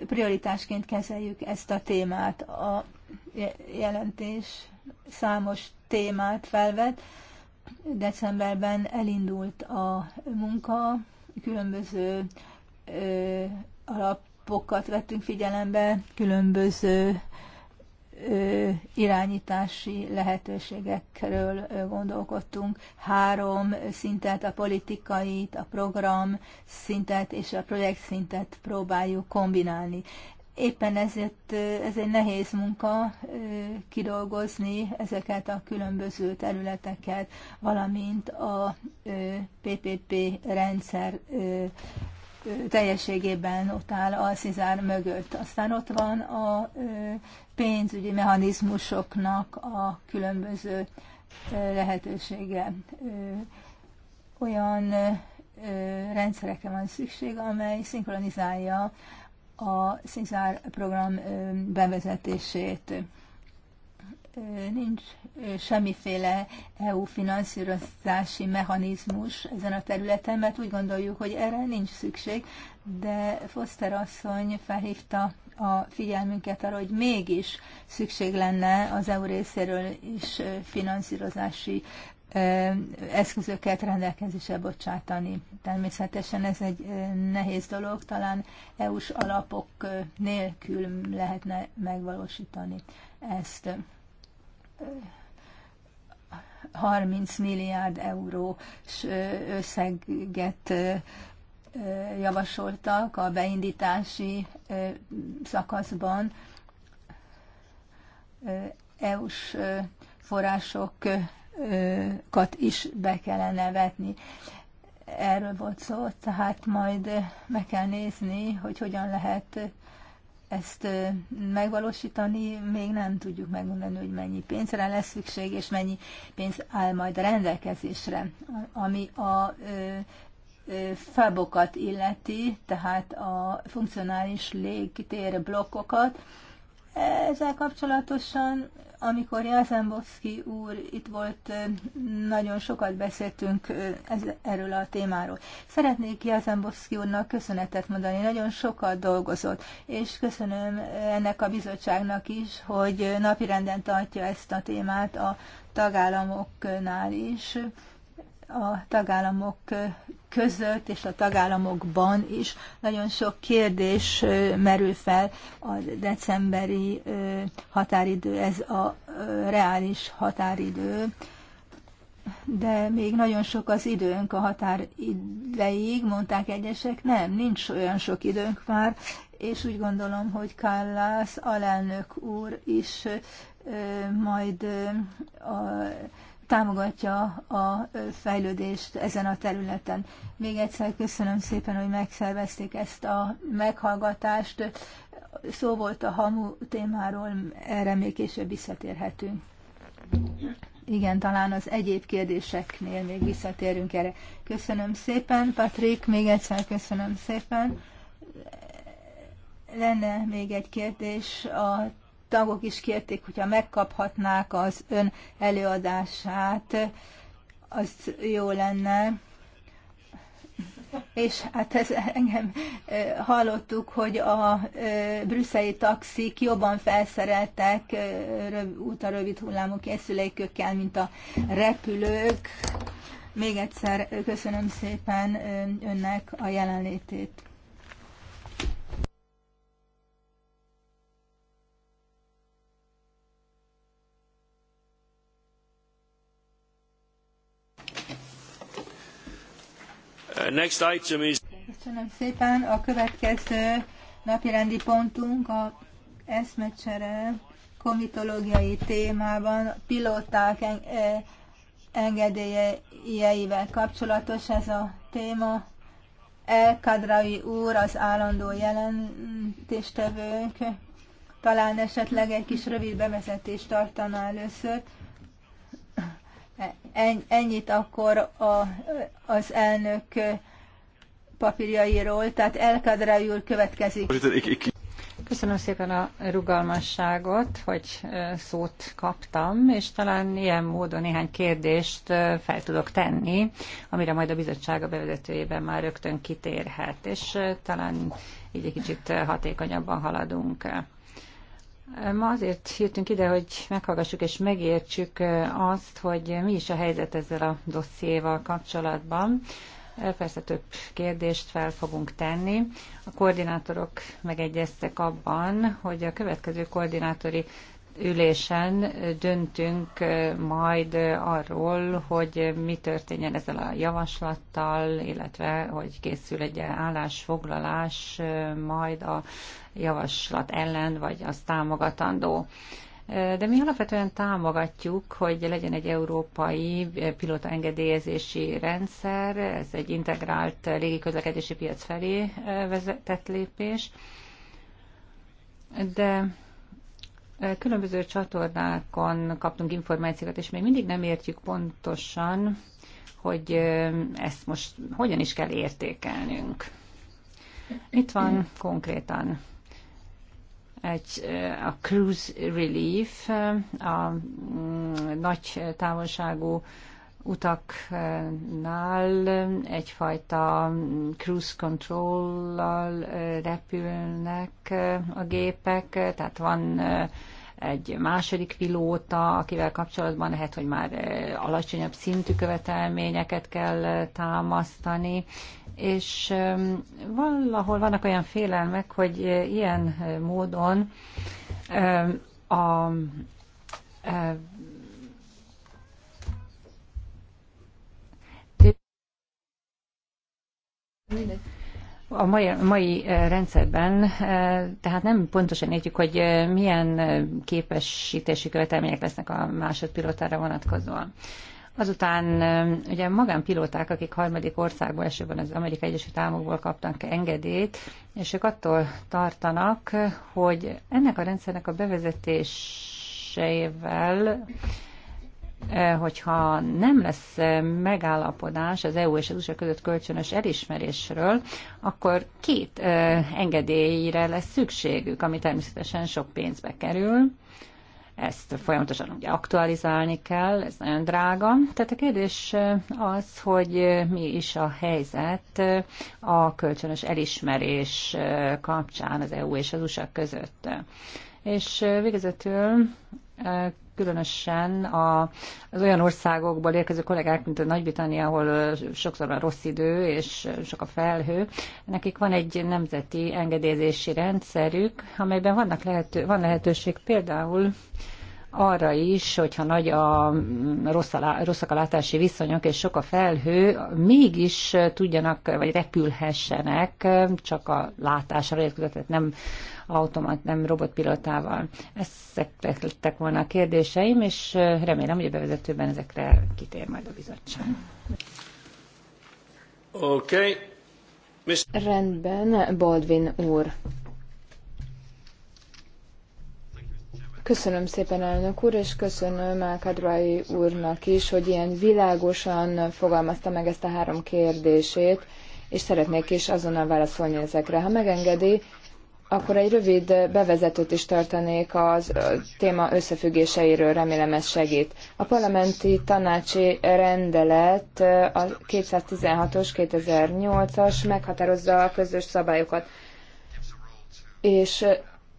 prioritásként kezeljük ezt a témát. A jelentés számos témát felvet, decemberben elindult a munka, különböző ö, alapokat vettünk figyelembe, különböző ö, irányítási lehetőségekről ö, gondolkodtunk. Három szintet, a politikait, a program szintet és a projekt szintet próbáljuk kombinálni. Éppen ezért ez egy nehéz munka kidolgozni ezeket a különböző területeket, valamint a PPP rendszer teljességében ott áll a CISAR mögött. Aztán ott van a pénzügyi mechanizmusoknak a különböző lehetősége. Olyan rendszerekre van szükség, amely szinkronizálja a Cézár program bevezetését. Nincs semmiféle EU finanszírozási mechanizmus ezen a területen, mert úgy gondoljuk, hogy erre nincs szükség, de Foster asszony felhívta a figyelmünket arra, hogy mégis szükség lenne az EU részéről is finanszírozási eszközöket rendelkezésre bocsátani. Természetesen ez egy nehéz dolog, talán EU-s alapok nélkül lehetne megvalósítani ezt. 30 milliárd eurós összeget javasoltak a beindítási szakaszban. EU-s források is be kellene vetni. Erről volt szó, tehát majd meg kell nézni, hogy hogyan lehet ezt megvalósítani, még nem tudjuk megmondani, hogy mennyi pénzre lesz szükség, és mennyi pénz áll majd a rendelkezésre, ami a fabokat illeti, tehát a funkcionális légtér blokkokat. Ezzel kapcsolatosan, amikor Jazembowski úr itt volt, nagyon sokat beszéltünk ez, erről a témáról. Szeretnék Jazembowski úrnak köszönetet mondani, nagyon sokat dolgozott, és köszönöm ennek a bizottságnak is, hogy napirenden tartja ezt a témát a tagállamoknál is a tagállamok között és a tagállamokban is nagyon sok kérdés merül fel a decemberi határidő, ez a reális határidő, de még nagyon sok az időnk a határideig, mondták egyesek, nem, nincs olyan sok időnk már, és úgy gondolom, hogy Kállász alelnök úr is majd a támogatja a fejlődést ezen a területen. Még egyszer köszönöm szépen, hogy megszervezték ezt a meghallgatást. Szó volt a hamu témáról, erre még később visszatérhetünk. Igen, talán az egyéb kérdéseknél még visszatérünk erre. Köszönöm szépen, Patrik, még egyszer köszönöm szépen. Lenne még egy kérdés a tagok is kérték, hogyha megkaphatnák az ön előadását, az jó lenne. És hát ez engem hallottuk, hogy a brüsszeli taxik jobban felszereltek röv, úta rövid hullámú készülékökkel, mint a repülők. Még egyszer köszönöm szépen önnek a jelenlétét. next item is... Köszönöm szépen. A következő napirendi pontunk a eszmecsere komitológiai témában pilóták e- engedélyeivel kapcsolatos ez a téma. El Kadrai úr az állandó jelentéstevőnk. Talán esetleg egy kis rövid bevezetést tartana először. Ennyit akkor a, az elnök papírjairól, tehát Elkadrai következik. Köszönöm szépen a rugalmasságot, hogy szót kaptam, és talán ilyen módon néhány kérdést fel tudok tenni, amire majd a bizottság a bevezetőjében már rögtön kitérhet, és talán így egy kicsit hatékonyabban haladunk. Ma azért jöttünk ide, hogy meghallgassuk és megértsük azt, hogy mi is a helyzet ezzel a dossziéval kapcsolatban. Persze több kérdést fel fogunk tenni. A koordinátorok megegyeztek abban, hogy a következő koordinátori ülésen döntünk majd arról, hogy mi történjen ezzel a javaslattal, illetve hogy készül egy állásfoglalás majd a javaslat ellen, vagy az támogatandó. De mi alapvetően támogatjuk, hogy legyen egy európai pilotaengedélyezési rendszer, ez egy integrált légiközlekedési piac felé vezetett lépés. De Különböző csatornákon kaptunk információkat, és még mindig nem értjük pontosan, hogy ezt most hogyan is kell értékelnünk. Itt van konkrétan egy, a cruise relief, a mm, nagy távolságú utaknál egyfajta cruise control-lal repülnek a gépek, tehát van egy második pilóta, akivel kapcsolatban lehet, hogy már alacsonyabb szintű követelményeket kell támasztani, és valahol vannak olyan félelmek, hogy ilyen módon a A mai, mai eh, rendszerben eh, tehát nem pontosan értjük, hogy eh, milyen képesítési követelmények lesznek a másodpilótára vonatkozóan. Azután ugye magánpilóták, akik harmadik országból, elsőben az Amerikai Egyesült Államokból kaptak engedélyt, és ők attól tartanak, hogy ennek a rendszernek a bevezetésével Eh, hogyha nem lesz eh, megállapodás az EU és az USA között kölcsönös elismerésről, akkor két eh, engedélyre lesz szükségük, ami természetesen sok pénzbe kerül. Ezt folyamatosan ugye aktualizálni kell, ez nagyon drága. Tehát a kérdés az, hogy mi is a helyzet a kölcsönös elismerés kapcsán az EU és az USA között. És végezetül különösen a, az olyan országokból érkező kollégák, mint a Nagy-Britannia, ahol sokszor van rossz idő és sok a felhő, nekik van egy nemzeti engedélyezési rendszerük, amelyben vannak lehető, van lehetőség például arra is, hogyha nagy a rossz a, rosszak a látási viszonyok és sok a felhő, mégis tudjanak, vagy repülhessenek csak a látásra tehát nem automat, nem robotpilotával. Ezek lettek volna a kérdéseim, és remélem, hogy a bevezetőben ezekre kitér majd a bizottság. Oké. Okay. Rendben, Baldwin úr. Köszönöm szépen, elnök úr, és köszönöm Alkadrai úrnak is, hogy ilyen világosan fogalmazta meg ezt a három kérdését, és szeretnék is azonnal válaszolni ezekre. Ha megengedi, akkor egy rövid bevezetőt is tartanék az téma összefüggéseiről, remélem ez segít. A parlamenti tanácsi rendelet a 216-os 2008-as meghatározza a közös szabályokat. És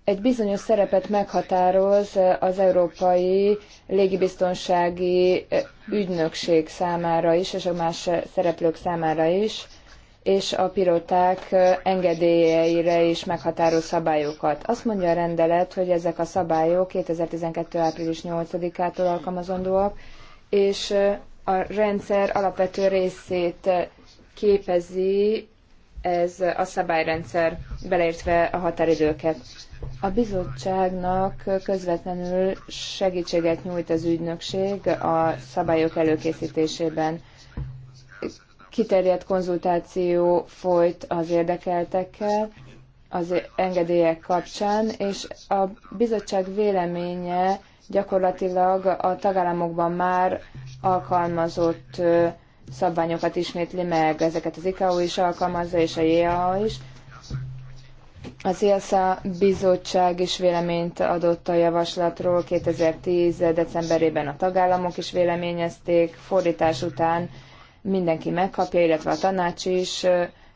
egy bizonyos szerepet meghatároz eh, az Európai Légibiztonsági eh, Ügynökség számára is, és a más eh, szereplők számára is, és a piloták engedélyeire is meghatároz szabályokat. Azt mondja a rendelet, hogy ezek a szabályok 2012. április 8-ától alkalmazandóak, és a rendszer alapvető részét képezi ez a szabályrendszer, beleértve a határidőket a bizottságnak közvetlenül segítséget nyújt az ügynökség a szabályok előkészítésében. Kiterjedt konzultáció folyt az érdekeltekkel az engedélyek kapcsán, és a bizottság véleménye gyakorlatilag a tagállamokban már alkalmazott szabványokat ismétli meg, ezeket az ICAO is alkalmazza, és a JEA is, az IASA bizottság is véleményt adott a javaslatról 2010. decemberében a tagállamok is véleményezték, fordítás után mindenki megkapja, illetve a tanács is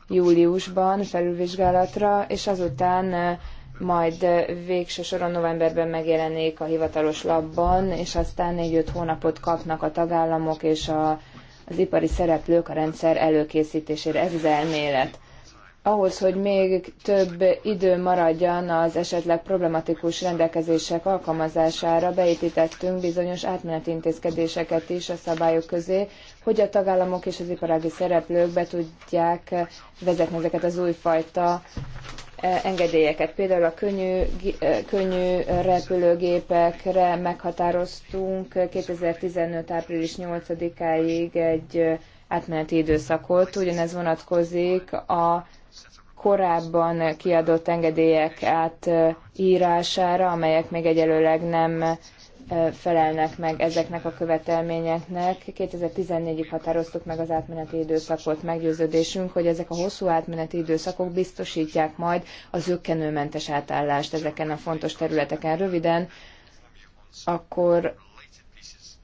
júliusban felülvizsgálatra, és azután majd végső soron novemberben megjelenik a hivatalos labban, és aztán 4-5 hónapot kapnak a tagállamok és a, az ipari szereplők a rendszer előkészítésére. Ez az elmélet ahhoz, hogy még több idő maradjon az esetleg problematikus rendelkezések alkalmazására, beépítettünk bizonyos átmeneti intézkedéseket is a szabályok közé, hogy a tagállamok és az iparági szereplők be tudják vezetni ezeket az újfajta e, engedélyeket. Például a könnyű, e, könnyű repülőgépekre meghatároztunk 2015. április 8-áig egy átmeneti időszakot. Ugyanez vonatkozik a korábban kiadott engedélyek átírására, amelyek még egyelőleg nem felelnek meg ezeknek a követelményeknek. 2014-ig határoztuk meg az átmeneti időszakot. Meggyőződésünk, hogy ezek a hosszú átmeneti időszakok biztosítják majd a zöggenőmentes átállást ezeken a fontos területeken. Röviden, akkor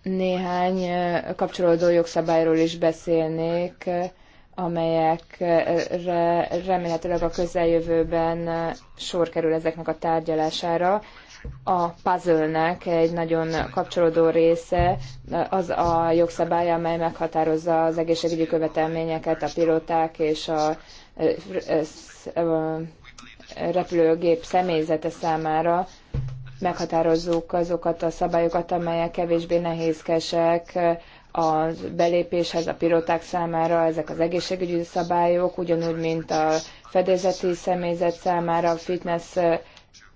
néhány kapcsolódó jogszabályról is beszélnék amelyek remélhetőleg a közeljövőben sor kerül ezeknek a tárgyalására. A puzzle-nek egy nagyon kapcsolódó része az a jogszabály, amely meghatározza az egészségügyi követelményeket a pilóták és a repülőgép személyzete számára. Meghatározzuk azokat a szabályokat, amelyek kevésbé nehézkesek, a belépéshez a piloták számára ezek az egészségügyi szabályok, ugyanúgy, mint a fedélzeti személyzet számára a fitness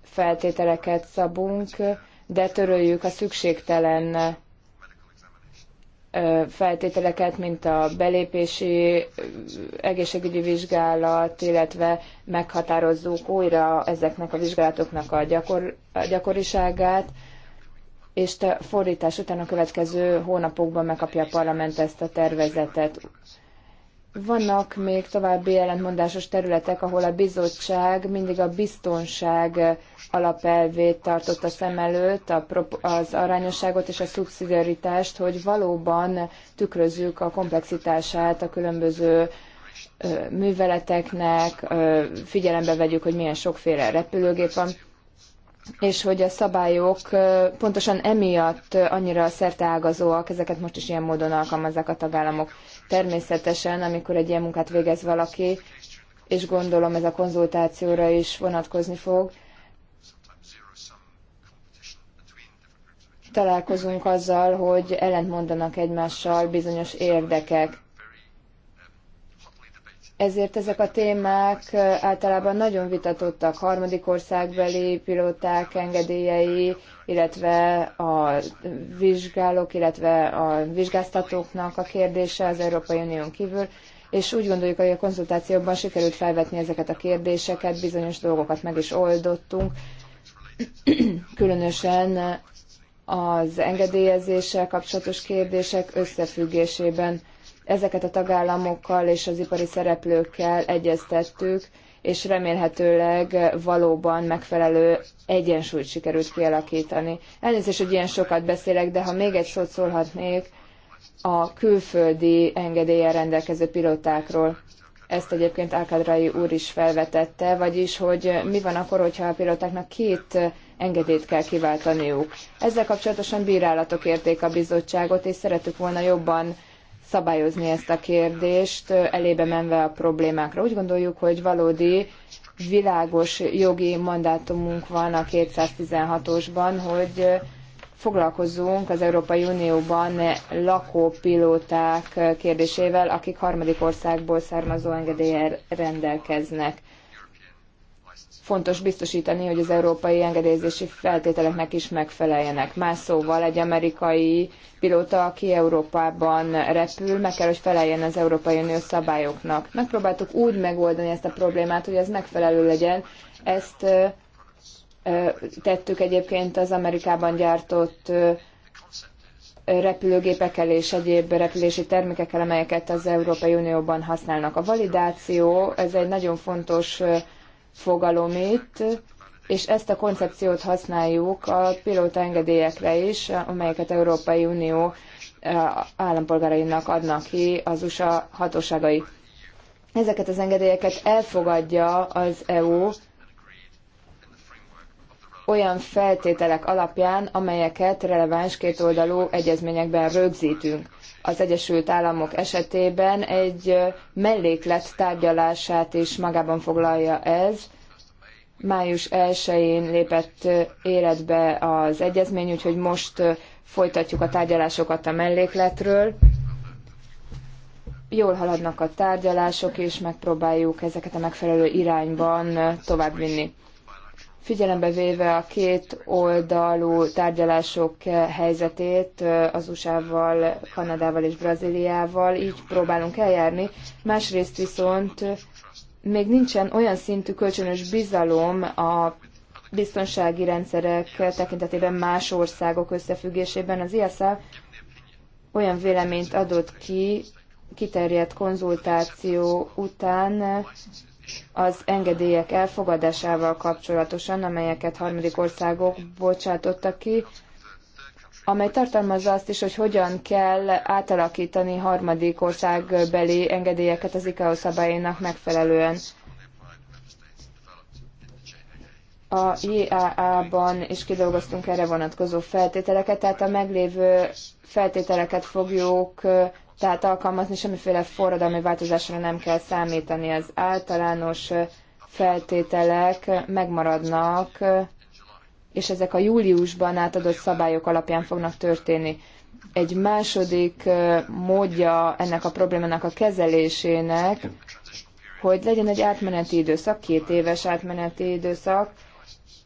feltételeket szabunk, de töröljük a szükségtelen feltételeket, mint a belépési egészségügyi vizsgálat, illetve meghatározzuk újra ezeknek a vizsgálatoknak a gyakor, gyakoriságát, és a fordítás után a következő hónapokban megkapja a parlament ezt a tervezetet. Vannak még további ellentmondásos területek, ahol a bizottság mindig a biztonság alapelvét tartotta szem előtt, az arányosságot és a szubszidiaritást, hogy valóban tükrözzük a komplexitását a különböző műveleteknek, figyelembe vegyük, hogy milyen sokféle repülőgép van és hogy a szabályok pontosan emiatt annyira szerteágazóak, ezeket most is ilyen módon alkalmazzák a tagállamok. Természetesen, amikor egy ilyen munkát végez valaki, és gondolom ez a konzultációra is vonatkozni fog, találkozunk azzal, hogy ellentmondanak egymással bizonyos érdekek ezért ezek a témák általában nagyon vitatottak, harmadik országbeli pilóták engedélyei, illetve a vizsgálók, illetve a vizsgáztatóknak a kérdése az Európai Unión kívül, és úgy gondoljuk, hogy a konzultációban sikerült felvetni ezeket a kérdéseket, bizonyos dolgokat meg is oldottunk, különösen az engedélyezéssel kapcsolatos kérdések összefüggésében Ezeket a tagállamokkal és az ipari szereplőkkel egyeztettük, és remélhetőleg valóban megfelelő egyensúlyt sikerült kialakítani. Elnézést, hogy ilyen sokat beszélek, de ha még egy szót szólhatnék a külföldi engedéllyel rendelkező pilotákról. Ezt egyébként Ákadrai úr is felvetette, vagyis, hogy mi van akkor, hogyha a pilotáknak két engedélyt kell kiváltaniuk. Ezzel kapcsolatosan bírálatok érték a bizottságot, és szeretük volna jobban szabályozni ezt a kérdést, elébe menve a problémákra. Úgy gondoljuk, hogy valódi világos jogi mandátumunk van a 216-osban, hogy foglalkozzunk az Európai Unióban lakó pilóták kérdésével, akik harmadik országból származó engedéllyel rendelkeznek fontos biztosítani, hogy az európai engedélyezési feltételeknek is megfeleljenek. Más szóval egy amerikai pilóta, aki Európában repül, meg kell, hogy feleljen az Európai Unió szabályoknak. Megpróbáltuk úgy megoldani ezt a problémát, hogy ez megfelelő legyen. Ezt ö, ö, tettük egyébként az Amerikában gyártott ö, repülőgépekkel és egyéb repülési termékekkel, amelyeket az Európai Unióban használnak. A validáció, ez egy nagyon fontos fogalomét, és ezt a koncepciót használjuk a pilóta engedélyekre is, amelyeket Európai Unió eh, állampolgárainak adnak ki az USA hatóságai. Ezeket az engedélyeket elfogadja az EU olyan feltételek alapján, amelyeket releváns kétoldalú egyezményekben rögzítünk az Egyesült Államok esetében egy melléklet tárgyalását is magában foglalja ez. Május 1-én lépett életbe az egyezmény, úgyhogy most folytatjuk a tárgyalásokat a mellékletről. Jól haladnak a tárgyalások, és megpróbáljuk ezeket a megfelelő irányban továbbvinni figyelembe véve a két oldalú tárgyalások helyzetét az USA-val, Kanadával és Brazíliával, így próbálunk eljárni. Másrészt viszont még nincsen olyan szintű kölcsönös bizalom a biztonsági rendszerek tekintetében más országok összefüggésében. Az ISA olyan véleményt adott ki, kiterjedt konzultáció után, az engedélyek elfogadásával kapcsolatosan, amelyeket harmadik országok bocsátottak ki, amely tartalmazza azt is, hogy hogyan kell átalakítani harmadik országbeli engedélyeket az ICAO szabályainak megfelelően. A JAA-ban is kidolgoztunk erre vonatkozó feltételeket, tehát a meglévő feltételeket fogjuk tehát alkalmazni, semmiféle forradalmi változásra nem kell számítani. Az általános feltételek megmaradnak, és ezek a júliusban átadott szabályok alapján fognak történni. Egy második módja ennek a problémának a kezelésének, hogy legyen egy átmeneti időszak, két éves átmeneti időszak,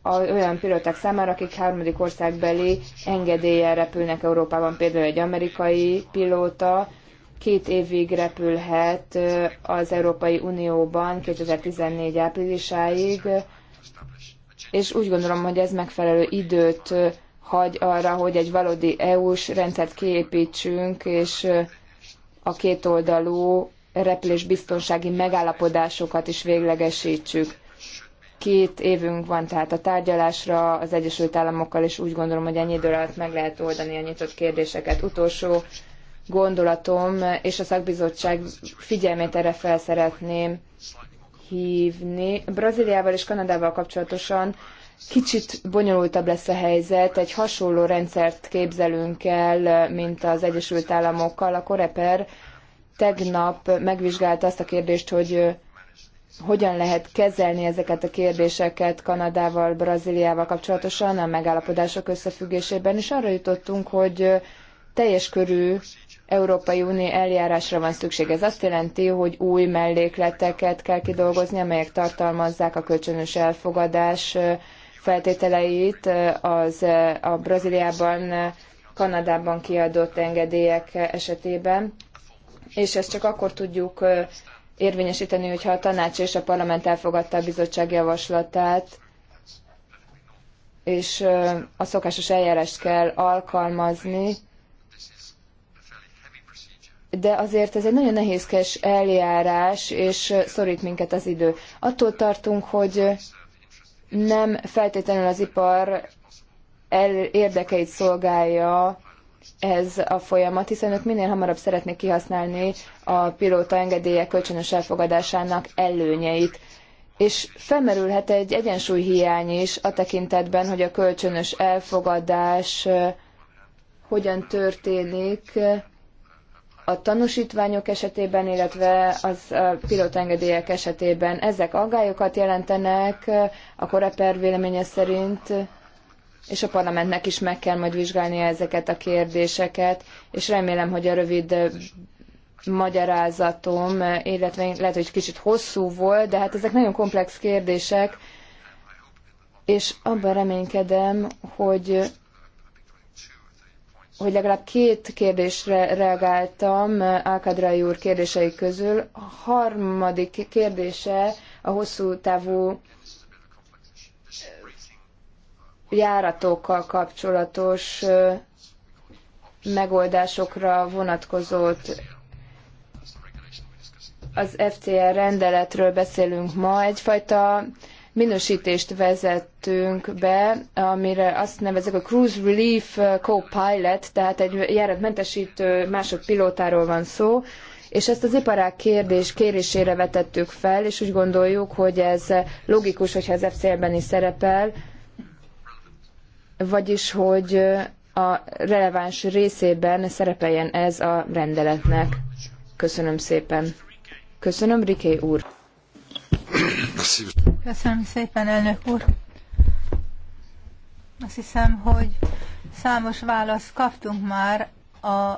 olyan pilóták számára, akik harmadik országbeli engedéllyel repülnek Európában, például egy amerikai pilóta, két évig repülhet az Európai Unióban 2014 áprilisáig, és úgy gondolom, hogy ez megfelelő időt hagy arra, hogy egy valódi EU-s rendszert kiépítsünk, és a kétoldalú repülésbiztonsági megállapodásokat is véglegesítsük. Két évünk van tehát a tárgyalásra az Egyesült Államokkal, és úgy gondolom, hogy ennyi idő alatt meg lehet oldani a nyitott kérdéseket. Utolsó gondolatom, és a szakbizottság figyelmét erre fel szeretném hívni. Brazíliával és Kanadával kapcsolatosan kicsit bonyolultabb lesz a helyzet, egy hasonló rendszert képzelünk el, mint az Egyesült Államokkal. A Koreper tegnap megvizsgálta azt a kérdést, hogy hogyan lehet kezelni ezeket a kérdéseket Kanadával, Brazíliával kapcsolatosan a megállapodások összefüggésében, és arra jutottunk, hogy teljes körű Európai Unió eljárásra van szükség. Ez azt jelenti, hogy új mellékleteket kell kidolgozni, amelyek tartalmazzák a kölcsönös elfogadás feltételeit az a Brazíliában, Kanadában kiadott engedélyek esetében, és ezt csak akkor tudjuk érvényesíteni, hogyha a tanács és a parlament elfogadta a bizottság javaslatát, és a szokásos eljárást kell alkalmazni, de azért ez egy nagyon nehézkes eljárás, és szorít minket az idő. Attól tartunk, hogy nem feltétlenül az ipar érdekeit szolgálja ez a folyamat, hiszen ők minél hamarabb szeretnék kihasználni a pilóta engedélye kölcsönös elfogadásának előnyeit. És felmerülhet egy egyensúly hiány is a tekintetben, hogy a kölcsönös elfogadás hogyan történik, a tanúsítványok esetében, illetve az pilotengedélyek esetében. Ezek aggályokat jelentenek a koreper véleménye szerint, és a parlamentnek is meg kell majd vizsgálnia ezeket a kérdéseket, és remélem, hogy a rövid magyarázatom, illetve lehet, hogy kicsit hosszú volt, de hát ezek nagyon komplex kérdések, és abban reménykedem, hogy hogy legalább két kérdésre reagáltam Alkadrai úr kérdései közül. A harmadik kérdése a hosszú távú eh, járatokkal kapcsolatos eh, megoldásokra vonatkozott. Az FCR rendeletről beszélünk ma. Egyfajta minősítést vezettünk be, amire azt nevezek a Cruise Relief Co-Pilot, tehát egy járatmentesítő másodpilótáról van szó, és ezt az iparák kérdés kérésére vetettük fel, és úgy gondoljuk, hogy ez logikus, hogyha az FCL-ben is szerepel, vagyis, hogy a releváns részében szerepeljen ez a rendeletnek. Köszönöm szépen. Köszönöm, Riké úr. Köszönöm. Köszönöm szépen, elnök úr. Azt hiszem, hogy számos választ kaptunk már a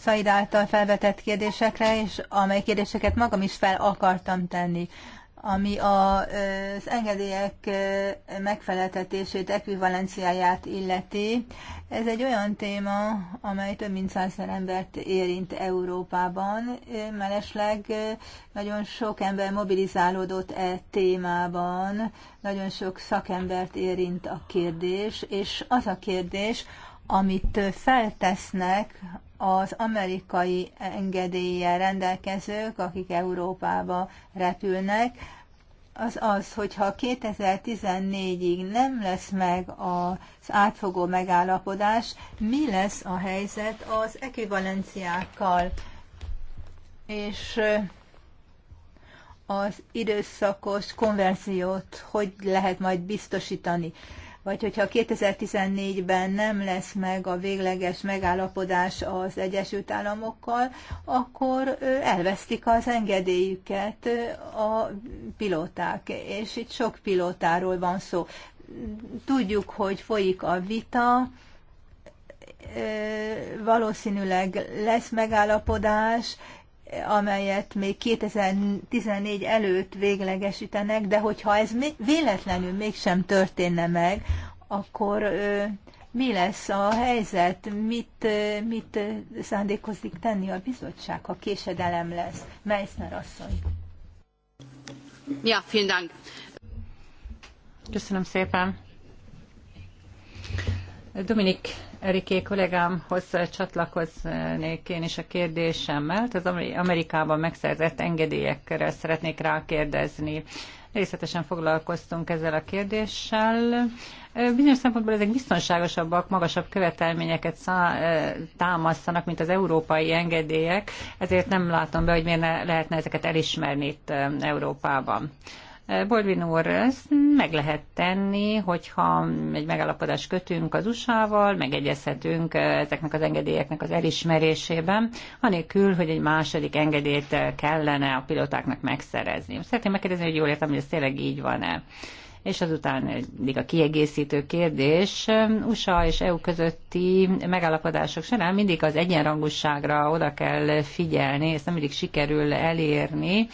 Szaid által felvetett kérdésekre, és amely kérdéseket magam is fel akartam tenni ami az engedélyek megfeleltetését, ekvivalenciáját illeti. Ez egy olyan téma, amely több mint százszer embert érint Európában, mellesleg nagyon sok ember mobilizálódott e témában, nagyon sok szakembert érint a kérdés, és az a kérdés, amit feltesznek az amerikai engedéllyel rendelkezők, akik Európába repülnek, az az, hogyha 2014-ig nem lesz meg az átfogó megállapodás, mi lesz a helyzet az ekvivalenciákkal? És az időszakos konverziót hogy lehet majd biztosítani? vagy hogyha 2014-ben nem lesz meg a végleges megállapodás az Egyesült Államokkal, akkor elvesztik az engedélyüket a pilóták, és itt sok pilótáról van szó. Tudjuk, hogy folyik a vita, valószínűleg lesz megállapodás, amelyet még 2014 előtt véglegesítenek, de hogyha ez véletlenül mégsem történne meg, akkor mi lesz a helyzet, mit, mit szándékozik tenni a bizottság, ha késedelem lesz? Meissner asszony. Ja, vielen Dank. Köszönöm szépen. Dominik Eriké kollégámhoz csatlakoznék én is a kérdésemmel. Az Amerikában megszerzett engedélyekre szeretnék rákérdezni. Részletesen foglalkoztunk ezzel a kérdéssel. Bizonyos szempontból ezek biztonságosabbak, magasabb követelményeket szá- támasztanak, mint az európai engedélyek, ezért nem látom be, hogy miért ne lehetne ezeket elismerni itt Európában. Baldwin úr, ezt meg lehet tenni, hogyha egy megállapodást kötünk az USA-val, megegyezhetünk eh, ezeknek az engedélyeknek az elismerésében, anélkül, hogy egy második engedélyt eh, kellene a pilotáknak megszerezni. Szeretném megkérdezni, hogy jól értem, hogy ez tényleg így van-e. És azután még a kiegészítő kérdés, USA és EU közötti megállapodások során mindig az egyenrangúságra oda kell figyelni, ezt nem mindig sikerül elérni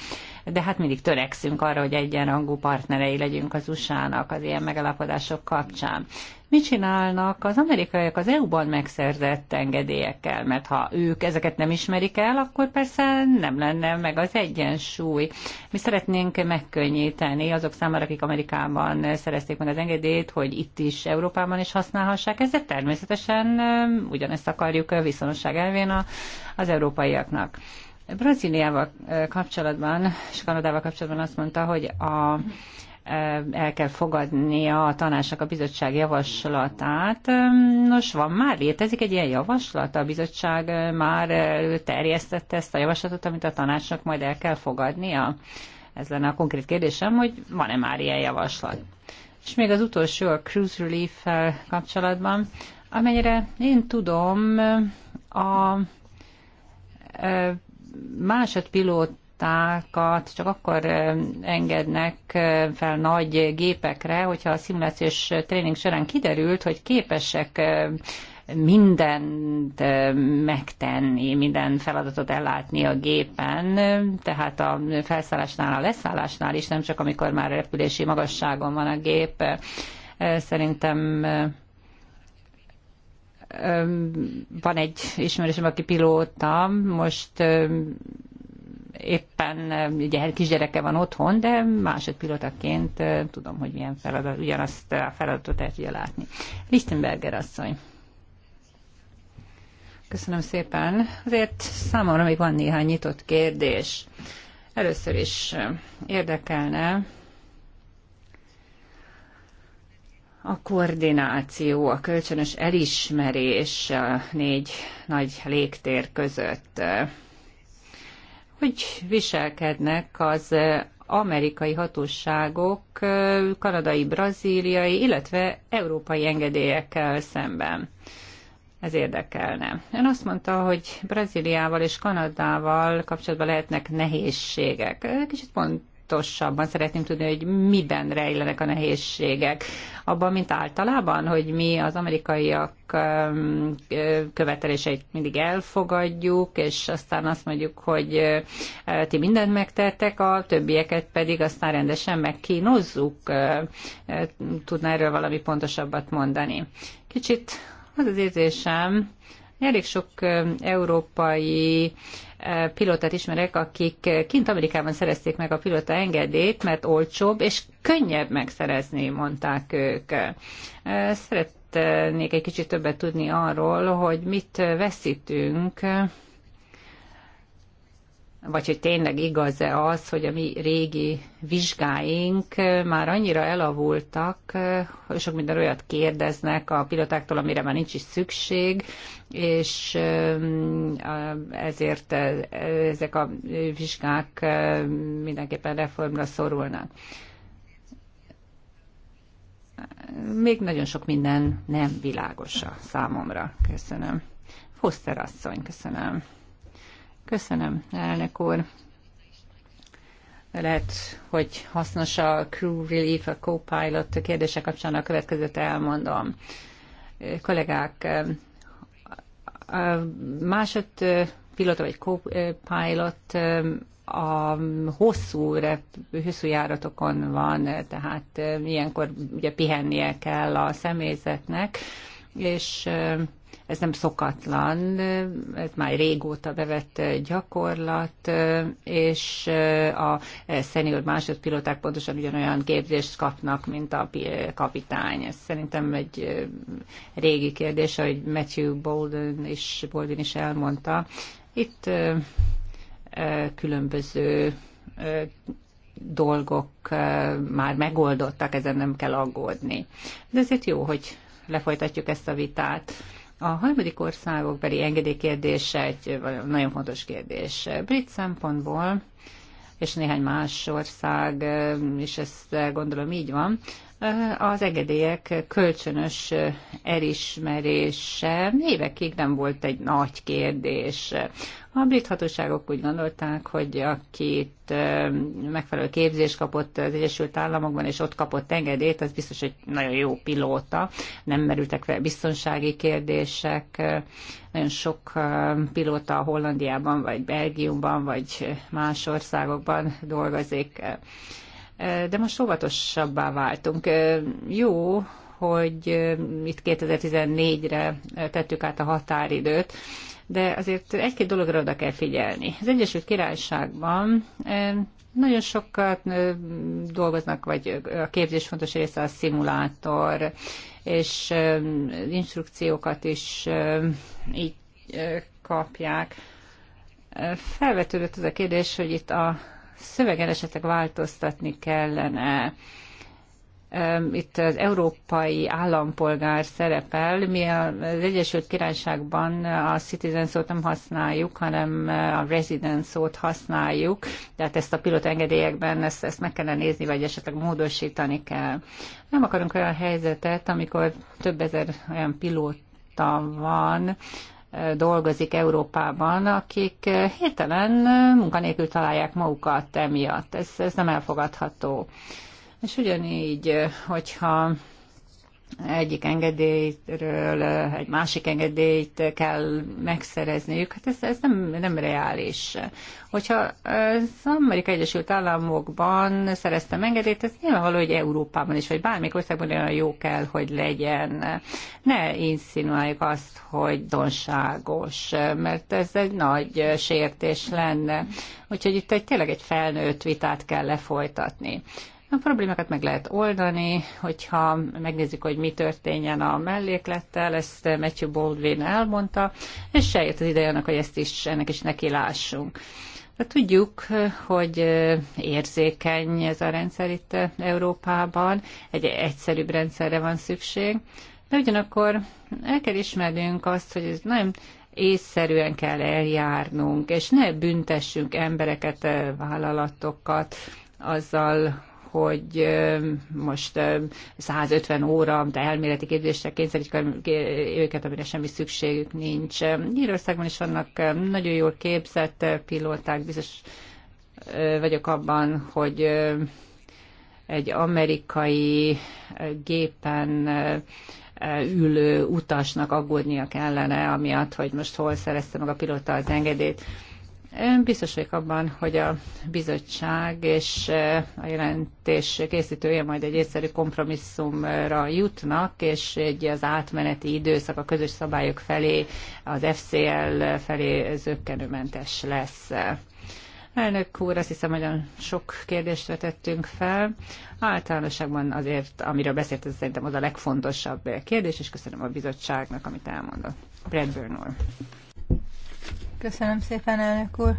de hát mindig törekszünk arra, hogy egyenrangú partnerei legyünk az USA-nak az ilyen megalapodások kapcsán. Mit csinálnak az amerikaiak az EU-ban megszerzett engedélyekkel? Mert ha ők ezeket nem ismerik el, akkor persze nem lenne meg az egyensúly. Mi szeretnénk megkönnyíteni azok számára, akik Amerikában szerezték meg az engedélyt, hogy itt is Európában is használhassák. Ezzel természetesen um, ugyanezt akarjuk a viszonosság elvén az európaiaknak. Brazíliával kapcsolatban, és Kanadával kapcsolatban azt mondta, hogy a, el kell fogadnia a tanácsnak a bizottság javaslatát. Nos, van már, létezik egy ilyen javaslat? A bizottság már terjesztette ezt a javaslatot, amit a tanácsnak majd el kell fogadnia? Ez lenne a konkrét kérdésem, hogy van-e már ilyen javaslat? És még az utolsó, a Cruise relief kapcsolatban, amennyire én tudom, a másodpilótákat csak akkor engednek fel nagy gépekre, hogyha a szimulációs tréning során kiderült, hogy képesek mindent megtenni, minden feladatot ellátni a gépen, tehát a felszállásnál, a leszállásnál is, nem csak amikor már repülési magasságon van a gép. Szerintem van egy ismerősöm, aki pilóta, most éppen ugye kisgyereke van otthon, de másodpilótaként tudom, hogy milyen feladat, ugyanazt a feladatot el tudja látni. Lichtenberger asszony. Köszönöm szépen. Azért számomra még van néhány nyitott kérdés. Először is érdekelne, a koordináció, a kölcsönös elismerés a négy nagy légtér között. Hogy viselkednek az amerikai hatóságok kanadai, brazíliai, illetve európai engedélyekkel szemben? Ez érdekelne. Ön azt mondta, hogy Brazíliával és Kanadával kapcsolatban lehetnek nehézségek. Kicsit pont pontosabban szeretném tudni, hogy miben rejlenek a nehézségek. Abban, mint általában, hogy mi az amerikaiak követeléseit mindig elfogadjuk, és aztán azt mondjuk, hogy ti mindent megtettek, a többieket pedig aztán rendesen megkínozzuk. Tudná erről valami pontosabbat mondani? Kicsit az az érzésem, elég sok európai pilótát ismerek, akik kint Amerikában szerezték meg a pilóta engedélyt, mert olcsóbb és könnyebb megszerezni, mondták ők. Szeretnék egy kicsit többet tudni arról, hogy mit veszítünk vagy hogy tényleg igaz-e az, hogy a mi régi vizsgáink eh, már annyira elavultak, hogy eh, sok minden olyat kérdeznek a pilotáktól, amire már nincs is szükség, és eh, ezért ezek a vizsgák mindenképpen reformra szorulnak. Még nagyon sok minden nem világos a számomra. Köszönöm. Foster asszony, köszönöm. Köszönöm, elnök úr. Lehet, hogy hasznos a crew relief, a co-pilot kérdése kapcsán a következőt elmondom. Kollégák, másod pilota vagy co-pilot a hosszú, hosszú járatokon van, tehát ilyenkor ugye pihennie kell a személyzetnek, és ez nem szokatlan, ez már régóta bevett gyakorlat, és a szenior másodpilóták pontosan ugyanolyan képzést kapnak, mint a kapitány. Ez szerintem egy régi kérdés, ahogy Matthew Bolden is, Bolden is elmondta. Itt különböző dolgok már megoldottak, ezen nem kell aggódni. De ezért jó, hogy lefolytatjuk ezt a vitát. A harmadik országok beli engedélykérdése egy nagyon fontos kérdés. Brit szempontból és néhány más ország, és ezt gondolom így van, az egedélyek kölcsönös elismerése évekig nem volt egy nagy kérdés. A brit hatóságok úgy gondolták, hogy akit megfelelő képzés kapott az Egyesült Államokban, és ott kapott engedélyt, az biztos, hogy nagyon jó pilóta. Nem merültek fel biztonsági kérdések. Nagyon sok pilóta Hollandiában, vagy Belgiumban, vagy más országokban dolgozik de most óvatosabbá váltunk. Jó, hogy itt 2014-re tettük át a határidőt, de azért egy-két dologra oda kell figyelni. Az Egyesült Királyságban nagyon sokat dolgoznak, vagy a képzés fontos része a szimulátor, és instrukciókat is így kapják. Felvetődött az a kérdés, hogy itt a szövegen esetleg változtatni kellene. Itt az európai állampolgár szerepel. Mi az Egyesült Királyságban a citizen szót nem használjuk, hanem a resident szót használjuk, tehát ezt a pilotengedélyekben ezt, ezt meg kellene nézni, vagy esetleg módosítani kell. Nem akarunk olyan helyzetet, amikor több ezer olyan pilóta van, dolgozik Európában, akik hirtelen munkanélkül találják magukat emiatt. Ez, ez nem elfogadható. És ugyanígy, hogyha egyik engedélyről egy másik engedélyt kell megszerezniük. Hát ez, ez nem, nem reális. Hogyha az Amerikai Egyesült Államokban szereztem engedélyt, ez nyilvánvaló, hogy Európában is, vagy bármelyik országban olyan jó kell, hogy legyen. Ne inszinuáljuk azt, hogy donságos, mert ez egy nagy sértés lenne. Úgyhogy itt egy, tényleg egy felnőtt vitát kell lefolytatni. A problémákat meg lehet oldani, hogyha megnézzük, hogy mi történjen a melléklettel, ezt Matthew Baldwin elmondta, és se az ideje annak, hogy ezt is, ennek is neki lássunk. Tudjuk, hogy érzékeny ez a rendszer itt Európában, egy egyszerűbb rendszerre van szükség, de ugyanakkor el kell ismernünk azt, hogy ez nagyon észszerűen kell eljárnunk, és ne büntessünk embereket, vállalatokat azzal, hogy most 150 óra de elméleti képzésre kényszerítjük őket, amire semmi szükségük nincs. Írországban is vannak nagyon jól képzett pilóták, biztos vagyok abban, hogy egy amerikai gépen ülő utasnak aggódnia kellene, amiatt, hogy most hol szerezte meg a pilóta az engedélyt. Biztos vagyok abban, hogy a bizottság és eh, a jelentés készítője majd egy egyszerű kompromisszumra jutnak, és egy az átmeneti időszak a közös szabályok felé, az FCL felé zöggenőmentes lesz. Elnök úr, azt hiszem, nagyon sok kérdést vetettünk fel. Általánosságban azért, amiről beszélt, ez szerintem az a legfontosabb kérdés, és köszönöm a bizottságnak, amit elmondott. Bradburn úr. Köszönöm szépen, elnök úr.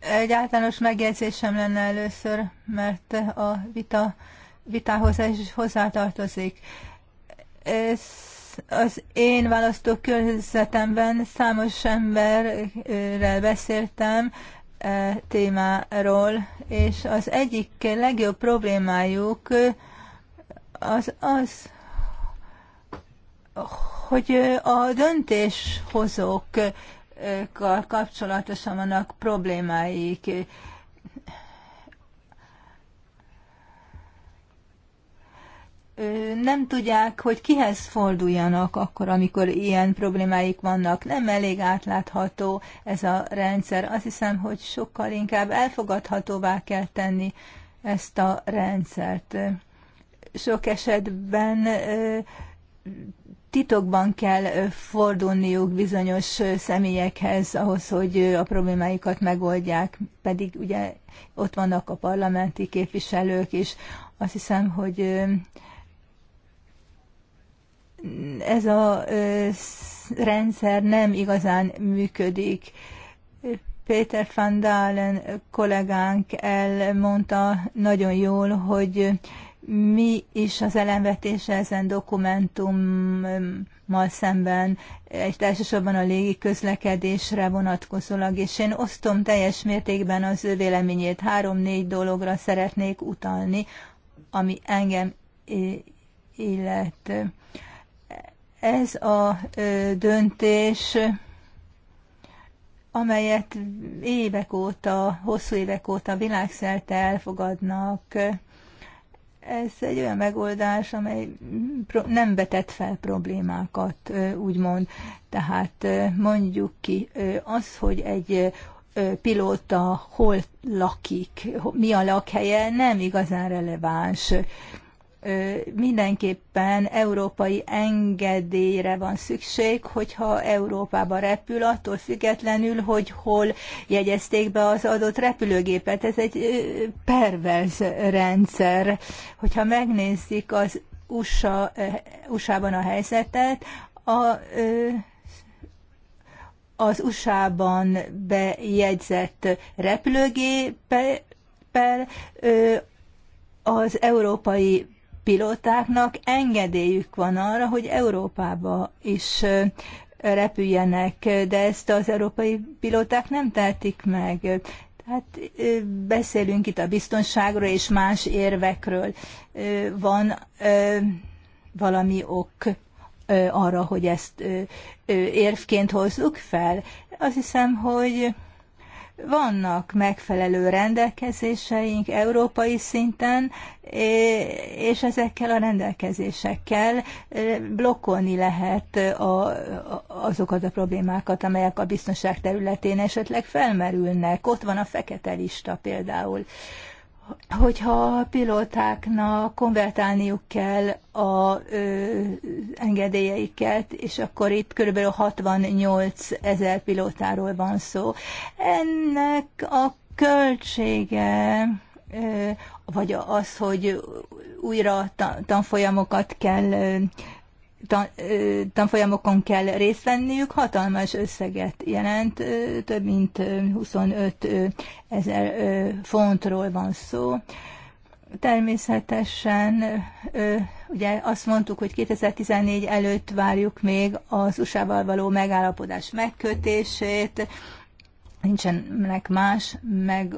Egy általános megjegyzésem lenne először, mert a vita, vitához is hozzátartozik. Ez az én választókörzetemben számos emberrel beszéltem e témáról, és az egyik legjobb problémájuk az az, hogy a döntéshozók kapcsolatosan vannak problémáik. nem tudják, hogy kihez forduljanak akkor, amikor ilyen problémáik vannak. Nem elég átlátható ez a rendszer. Azt hiszem, hogy sokkal inkább elfogadhatóvá kell tenni ezt a rendszert. Sok esetben titokban kell fordulniuk bizonyos személyekhez ahhoz, hogy a problémáikat megoldják, pedig ugye ott vannak a parlamenti képviselők is. Azt hiszem, hogy ez a rendszer nem igazán működik. Péter van Dalen kollégánk elmondta nagyon jól, hogy mi is az elemvetése ezen dokumentummal szemben, egy elsősorban a légi közlekedésre vonatkozólag, és én osztom teljes mértékben az ő véleményét. Három-négy dologra szeretnék utalni, ami engem illet. Ez a döntés amelyet évek óta, hosszú évek óta világszerte elfogadnak, ez egy olyan megoldás, amely nem vetett fel problémákat, úgymond. Tehát mondjuk ki, az, hogy egy pilóta hol lakik, mi a lakhelye, nem igazán releváns mindenképpen európai engedélyre van szükség, hogyha Európába repül, attól függetlenül, hogy hol jegyezték be az adott repülőgépet. Ez egy perverz rendszer. Hogyha megnézzük az USA, USA-ban a helyzetet, a, az USA-ban bejegyzett repülőgéppel az európai pilótáknak engedélyük van arra, hogy Európába is repüljenek, de ezt az európai pilóták nem tehetik meg. Tehát beszélünk itt a biztonságról és más érvekről. Van valami ok arra, hogy ezt érvként hozzuk fel? Azt hiszem, hogy vannak megfelelő rendelkezéseink európai szinten, és ezekkel a rendelkezésekkel blokkolni lehet a, azokat a problémákat, amelyek a biztonság területén esetleg felmerülnek. Ott van a fekete lista például hogyha a pilótáknak konvertálniuk kell a ö, engedélyeiket, és akkor itt kb. 68 ezer pilótáról van szó. Ennek a költsége ö, vagy az, hogy újra tanfolyamokat kell tanfolyamokon kell részt venniük, hatalmas összeget jelent, több mint 25 ezer fontról van szó. Természetesen ugye azt mondtuk, hogy 2014 előtt várjuk még az USA-val való megállapodás megkötését, nincsenek más meg,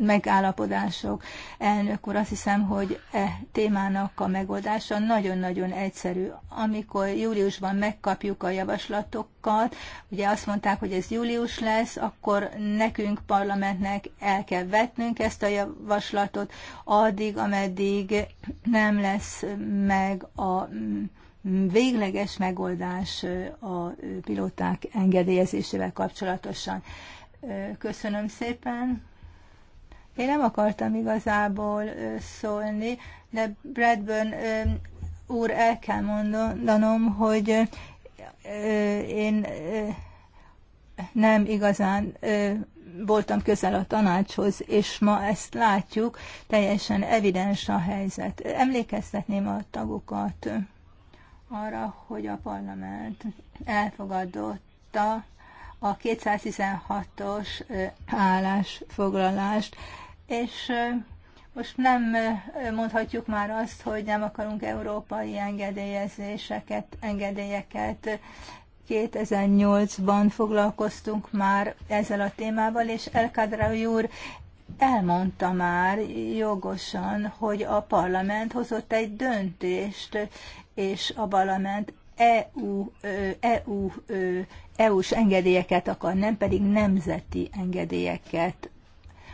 megállapodások. Elnök úr, azt hiszem, hogy e témának a megoldása nagyon-nagyon egyszerű. Amikor júliusban megkapjuk a javaslatokat, ugye azt mondták, hogy ez július lesz, akkor nekünk parlamentnek el kell vetnünk ezt a javaslatot, addig, ameddig nem lesz meg a mm, végleges megoldás a pilóták engedélyezésével kapcsolatosan. Köszönöm szépen. Én nem akartam igazából szólni, de Bradburn úr, el kell mondanom, hogy én nem igazán voltam közel a tanácshoz, és ma ezt látjuk, teljesen evidens a helyzet. Emlékeztetném a tagokat arra, hogy a parlament elfogadotta a 216-os állásfoglalást, és most nem mondhatjuk már azt, hogy nem akarunk európai engedélyezéseket, engedélyeket. 2008-ban foglalkoztunk már ezzel a témával, és El úr elmondta már jogosan, hogy a parlament hozott egy döntést, és a parlament EU, EU, EU-s engedélyeket akar, nem pedig nemzeti engedélyeket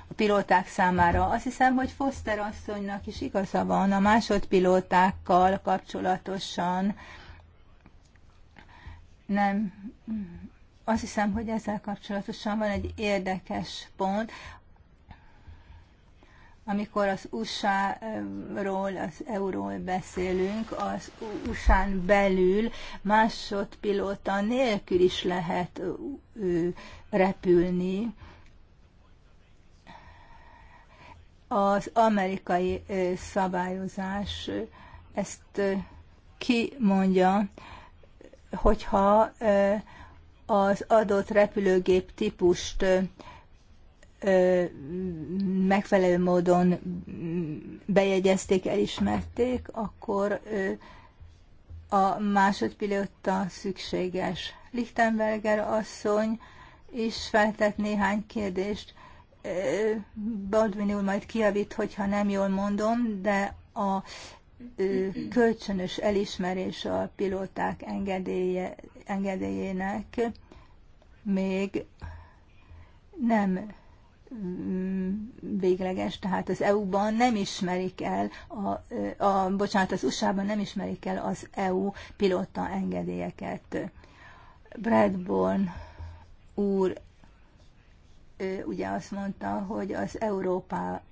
a pilóták számára. Azt hiszem, hogy Foster asszonynak is igaza van a másodpilótákkal kapcsolatosan. Nem, azt hiszem, hogy ezzel kapcsolatosan van egy érdekes pont amikor az USA-ról, az euról beszélünk, az USA-n belül másodpilóta nélkül is lehet repülni. Az amerikai szabályozás ezt kimondja, hogyha az adott repülőgép típust megfelelő módon bejegyezték, elismerték, akkor a másodpilóta szükséges. Lichtenberger asszony is feltett néhány kérdést. Baldwin úr majd kiavít, hogyha nem jól mondom, de a kölcsönös elismerés a pilóták engedélye, engedélyének még nem Mm, végleges, tehát az EU-ban nem ismerik el, a, a, bocsánat, az USA-ban nem ismerik el az EU pilóta engedélyeket. Bradborn úr ő ugye azt mondta, hogy az Európa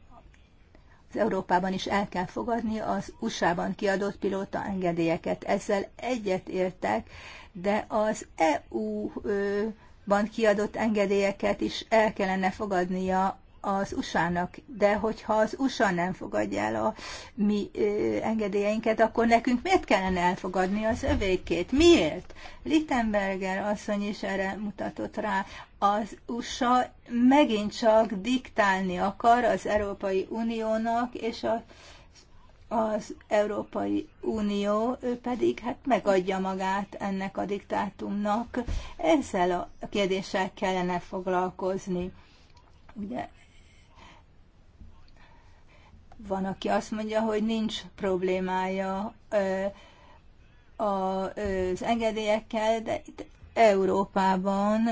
az Európában is el kell fogadni az USA-ban kiadott pilóta engedélyeket. Ezzel egyet értek, de az EU ban kiadott engedélyeket is el kellene fogadnia az USA-nak, de hogyha az USA nem fogadja el a mi ö, engedélyeinket, akkor nekünk miért kellene elfogadni az övékét? Miért? Littenberger asszony is erre mutatott rá. Az USA megint csak diktálni akar az Európai Uniónak és a az Európai Unió ő pedig hát megadja magát ennek a diktátumnak. Ezzel a kérdéssel kellene foglalkozni. Ugye van, aki azt mondja, hogy nincs problémája az engedélyekkel, de itt Európában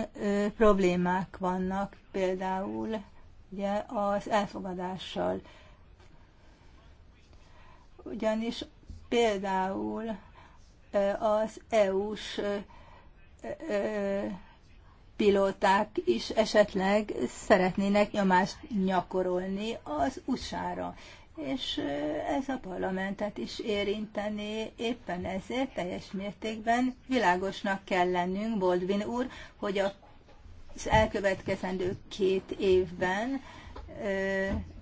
problémák vannak, például ugye az elfogadással ugyanis például az EU-s pilóták is esetleg szeretnének nyomást nyakorolni az USA-ra. És ez a parlamentet is érinteni. éppen ezért teljes mértékben világosnak kell lennünk, Boldvin úr, hogy az elkövetkezendő két évben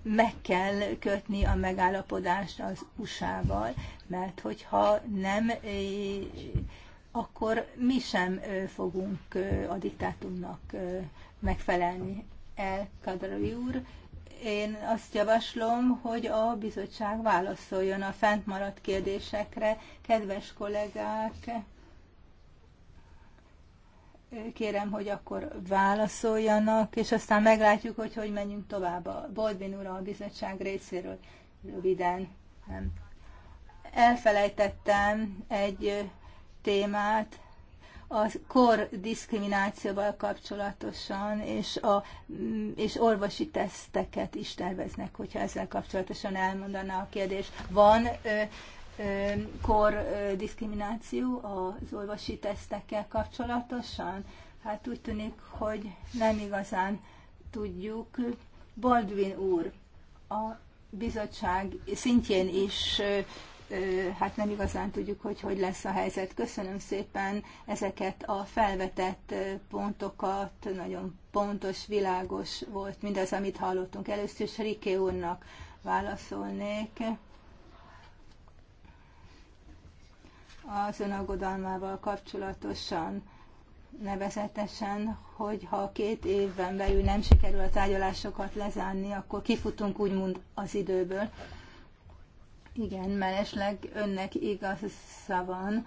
meg kell kötni a megállapodást az USA-val, mert hogyha nem, akkor mi sem fogunk a diktátumnak megfelelni. El Kadravi úr, én azt javaslom, hogy a bizottság válaszoljon a fentmaradt kérdésekre. Kedves kollégák, kérem, hogy akkor válaszoljanak, és aztán meglátjuk, hogy hogy menjünk tovább a Boldvin ura a bizottság részéről. Röviden. Nem. Elfelejtettem egy témát, a kor diszkriminációval kapcsolatosan, és, a, mm, és orvosi teszteket is terveznek, hogyha ezzel kapcsolatosan elmondaná a kérdés. Van ö, kor diszkrimináció az olvasi tesztekkel kapcsolatosan? Hát úgy tűnik, hogy nem igazán tudjuk. Baldwin úr, a bizottság szintjén is hát nem igazán tudjuk, hogy hogy lesz a helyzet. Köszönöm szépen ezeket a felvetett pontokat, nagyon pontos, világos volt mindaz, amit hallottunk. Először is Riké úrnak válaszolnék. az önagodalmával kapcsolatosan nevezetesen, hogy ha két évben belül nem sikerül a tárgyalásokat lezárni, akkor kifutunk úgymond az időből. Igen, mellesleg önnek igaza van.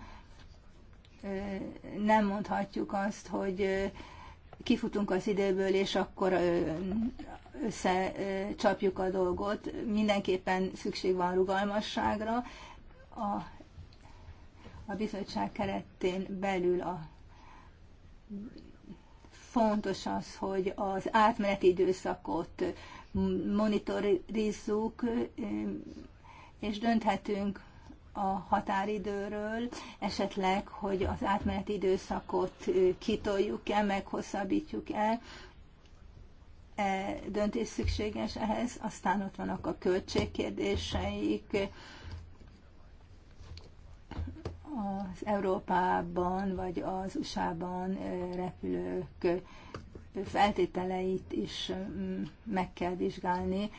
Nem mondhatjuk azt, hogy kifutunk az időből, és akkor összecsapjuk a dolgot. Mindenképpen szükség van rugalmasságra, a a bizottság keretén belül a fontos az, hogy az átmeneti időszakot monitorizzuk, és dönthetünk a határidőről, esetleg, hogy az átmeneti időszakot kitoljuk el, meghosszabbítjuk el, döntés szükséges ehhez, aztán ott vannak a költségkérdéseik, az Európában vagy az USA-ban repülők feltételeit is mm, meg kell vizsgálni.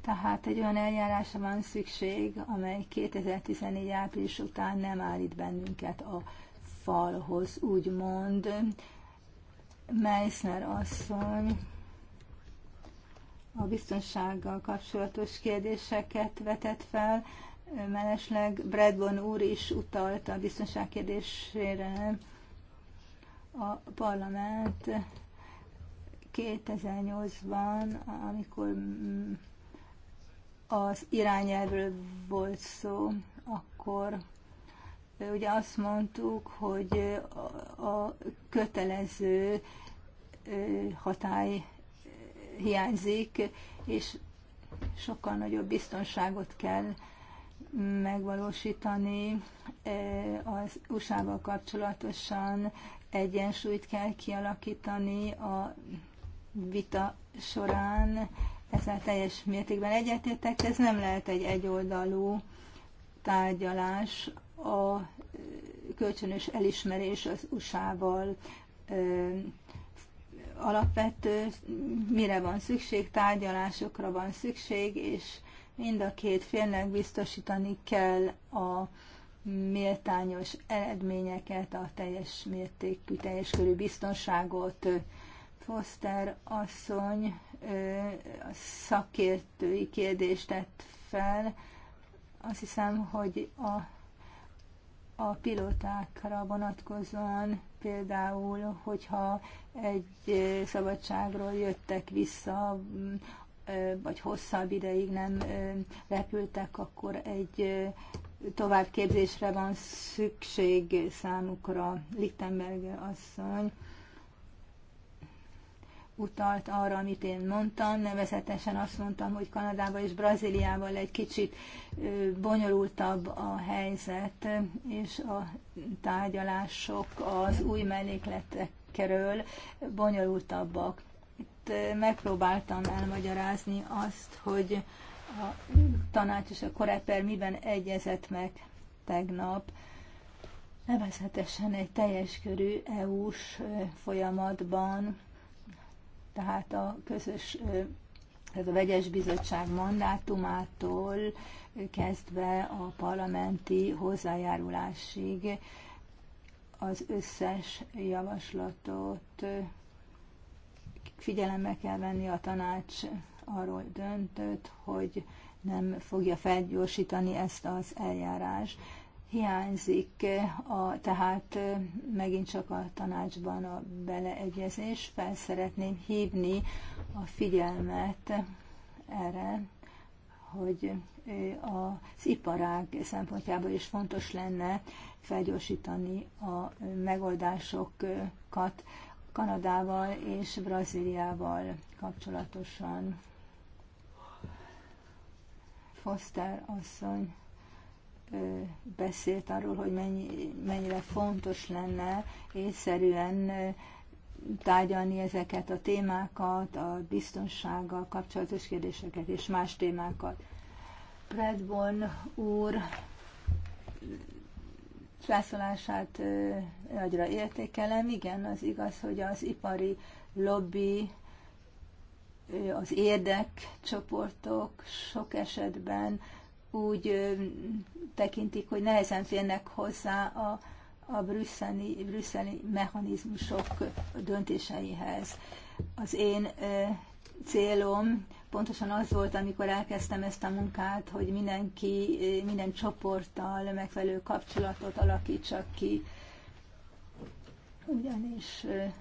Tehát egy olyan eljárásra van szükség, amely 2014 április után nem állít bennünket a falhoz, úgymond. Meissner asszony a biztonsággal kapcsolatos kérdéseket vetett fel mellesleg Bradbon úr is utalt a biztonság kérdésére. A parlament 2008-ban, amikor az irányelvről volt szó, akkor ugye azt mondtuk, hogy a kötelező hatály hiányzik, és sokkal nagyobb biztonságot kell megvalósítani, e, az usa kapcsolatosan egyensúlyt kell kialakítani a vita során, ezzel teljes mértékben egyetértek, ez nem lehet egy egyoldalú tárgyalás, a kölcsönös elismerés az USA-val e, alapvető, mire van szükség, tárgyalásokra van szükség, és Mind a két félnek biztosítani kell a méltányos eredményeket, a teljes mértékű, teljes körű biztonságot. Foster asszony szakértői kérdést tett fel. Azt hiszem, hogy a, a pilótákra vonatkozóan például, hogyha egy szabadságról jöttek vissza vagy hosszabb ideig nem repültek, akkor egy továbbképzésre van szükség számukra. Littenberger asszony utalt arra, amit én mondtam, nevezetesen azt mondtam, hogy Kanadában és Brazíliában egy kicsit bonyolultabb a helyzet, és a tárgyalások az új mellékletekről bonyolultabbak megpróbáltam elmagyarázni azt, hogy a tanács és a koreper miben egyezett meg tegnap, nevezhetesen egy teljes körű EU-s folyamatban, tehát a közös, tehát a vegyes bizottság mandátumától kezdve a parlamenti hozzájárulásig az összes javaslatot Figyelembe kell venni a tanács arról döntött, hogy nem fogja felgyorsítani ezt az eljárás. Hiányzik a, tehát megint csak a tanácsban a beleegyezés. Fel szeretném hívni a figyelmet erre, hogy az iparág szempontjából is fontos lenne felgyorsítani a megoldásokat, Kanadával és Brazíliával kapcsolatosan. Foster asszony beszélt arról, hogy mennyi, mennyire fontos lenne észszerűen tárgyalni ezeket a témákat, a biztonsággal kapcsolatos kérdéseket és más témákat. Bradborn úr felszólását nagyra értékelem. Igen, az igaz, hogy az ipari lobby, az érdekcsoportok sok esetben úgy tekintik, hogy nehezen férnek hozzá a, a brüsszeli, brüsszeli mechanizmusok döntéseihez. Az én célom pontosan az volt, amikor elkezdtem ezt a munkát, hogy mindenki, eh, minden csoporttal megfelelő kapcsolatot alakítsak ki, ugyanis eh,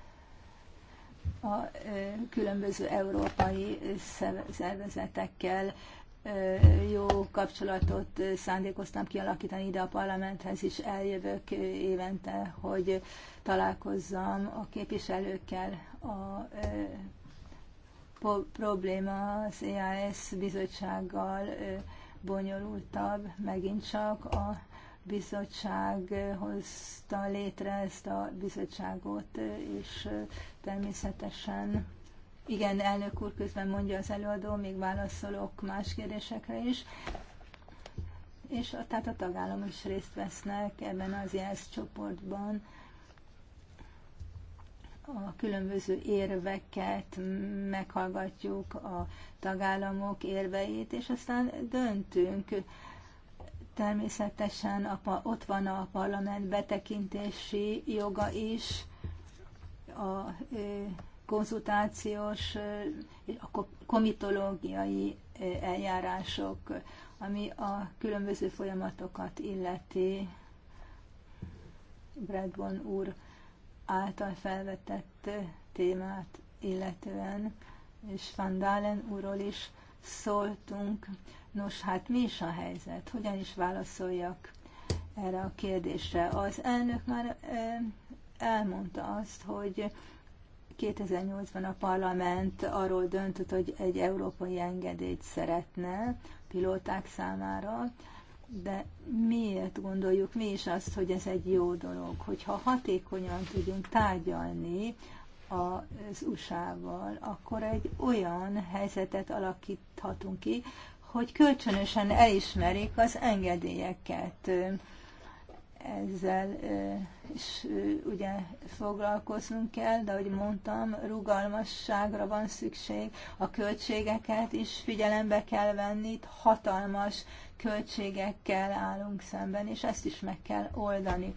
a eh, különböző európai szervezetekkel jó kapcsolatot szándékoztam kialakítani ide a parlamenthez is eljövök évente, hogy találkozzam a képviselőkkel, a probléma az EAS bizottsággal bonyolultabb, megint csak a bizottság hozta létre ezt a bizottságot, és természetesen igen, elnök úr közben mondja az előadó, még válaszolok más kérdésekre is. És a, tehát a tagállamok is részt vesznek ebben az jelz csoportban, a különböző érveket, meghallgatjuk a tagállamok érveit, és aztán döntünk. Természetesen a, ott van a parlament betekintési joga is, a konzultációs, a komitológiai eljárások, ami a különböző folyamatokat illeti. Bradbon úr által felvetett témát illetően, és Van Dalen úrról is szóltunk. Nos, hát mi is a helyzet? Hogyan is válaszoljak erre a kérdésre? Az elnök már elmondta azt, hogy 2008-ban a parlament arról döntött, hogy egy európai engedélyt szeretne pilóták számára de miért gondoljuk mi is azt, hogy ez egy jó dolog, hogyha hatékonyan tudunk tárgyalni az USA-val, akkor egy olyan helyzetet alakíthatunk ki, hogy kölcsönösen elismerik az engedélyeket. Ezzel is ugye foglalkoznunk kell, de ahogy mondtam, rugalmasságra van szükség, a költségeket is figyelembe kell venni, itt hatalmas költségekkel állunk szemben, és ezt is meg kell oldani.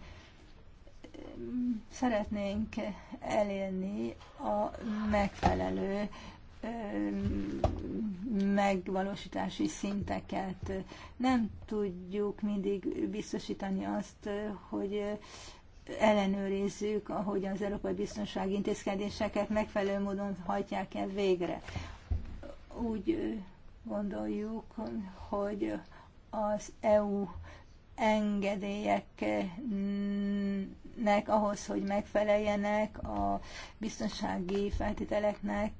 Szeretnénk elérni a megfelelő megvalósítási szinteket. Nem tudjuk mindig biztosítani azt, hogy ellenőrizzük, ahogy az európai biztonsági intézkedéseket megfelelő módon hajtják el végre. Úgy gondoljuk, hogy az EU engedélyeknek ahhoz, hogy megfeleljenek a biztonsági feltételeknek,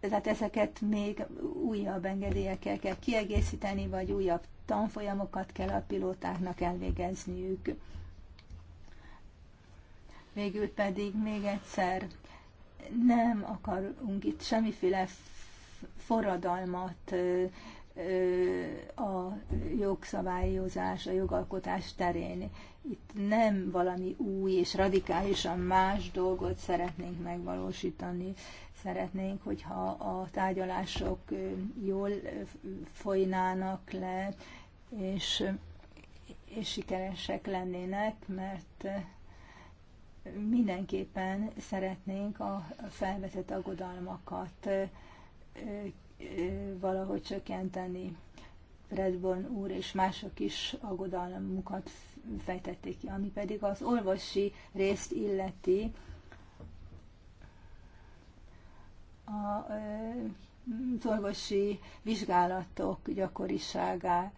tehát ezeket még újabb engedélyekkel kell kiegészíteni, vagy újabb tanfolyamokat kell a pilótáknak elvégezniük. Végül pedig még egyszer nem akarunk itt semmiféle forradalmat a jogszabályozás, a jogalkotás terén. Itt nem valami új és radikálisan más dolgot szeretnénk megvalósítani. Szeretnénk, hogyha a tárgyalások jól folynának le, és, és sikeresek lennének, mert mindenképpen szeretnénk a felvetett aggodalmakat valahogy csökkenteni. Redborn úr és mások is aggodalmukat fejtették ki, ami pedig az orvosi részt illeti. A, az orvosi vizsgálatok gyakoriságát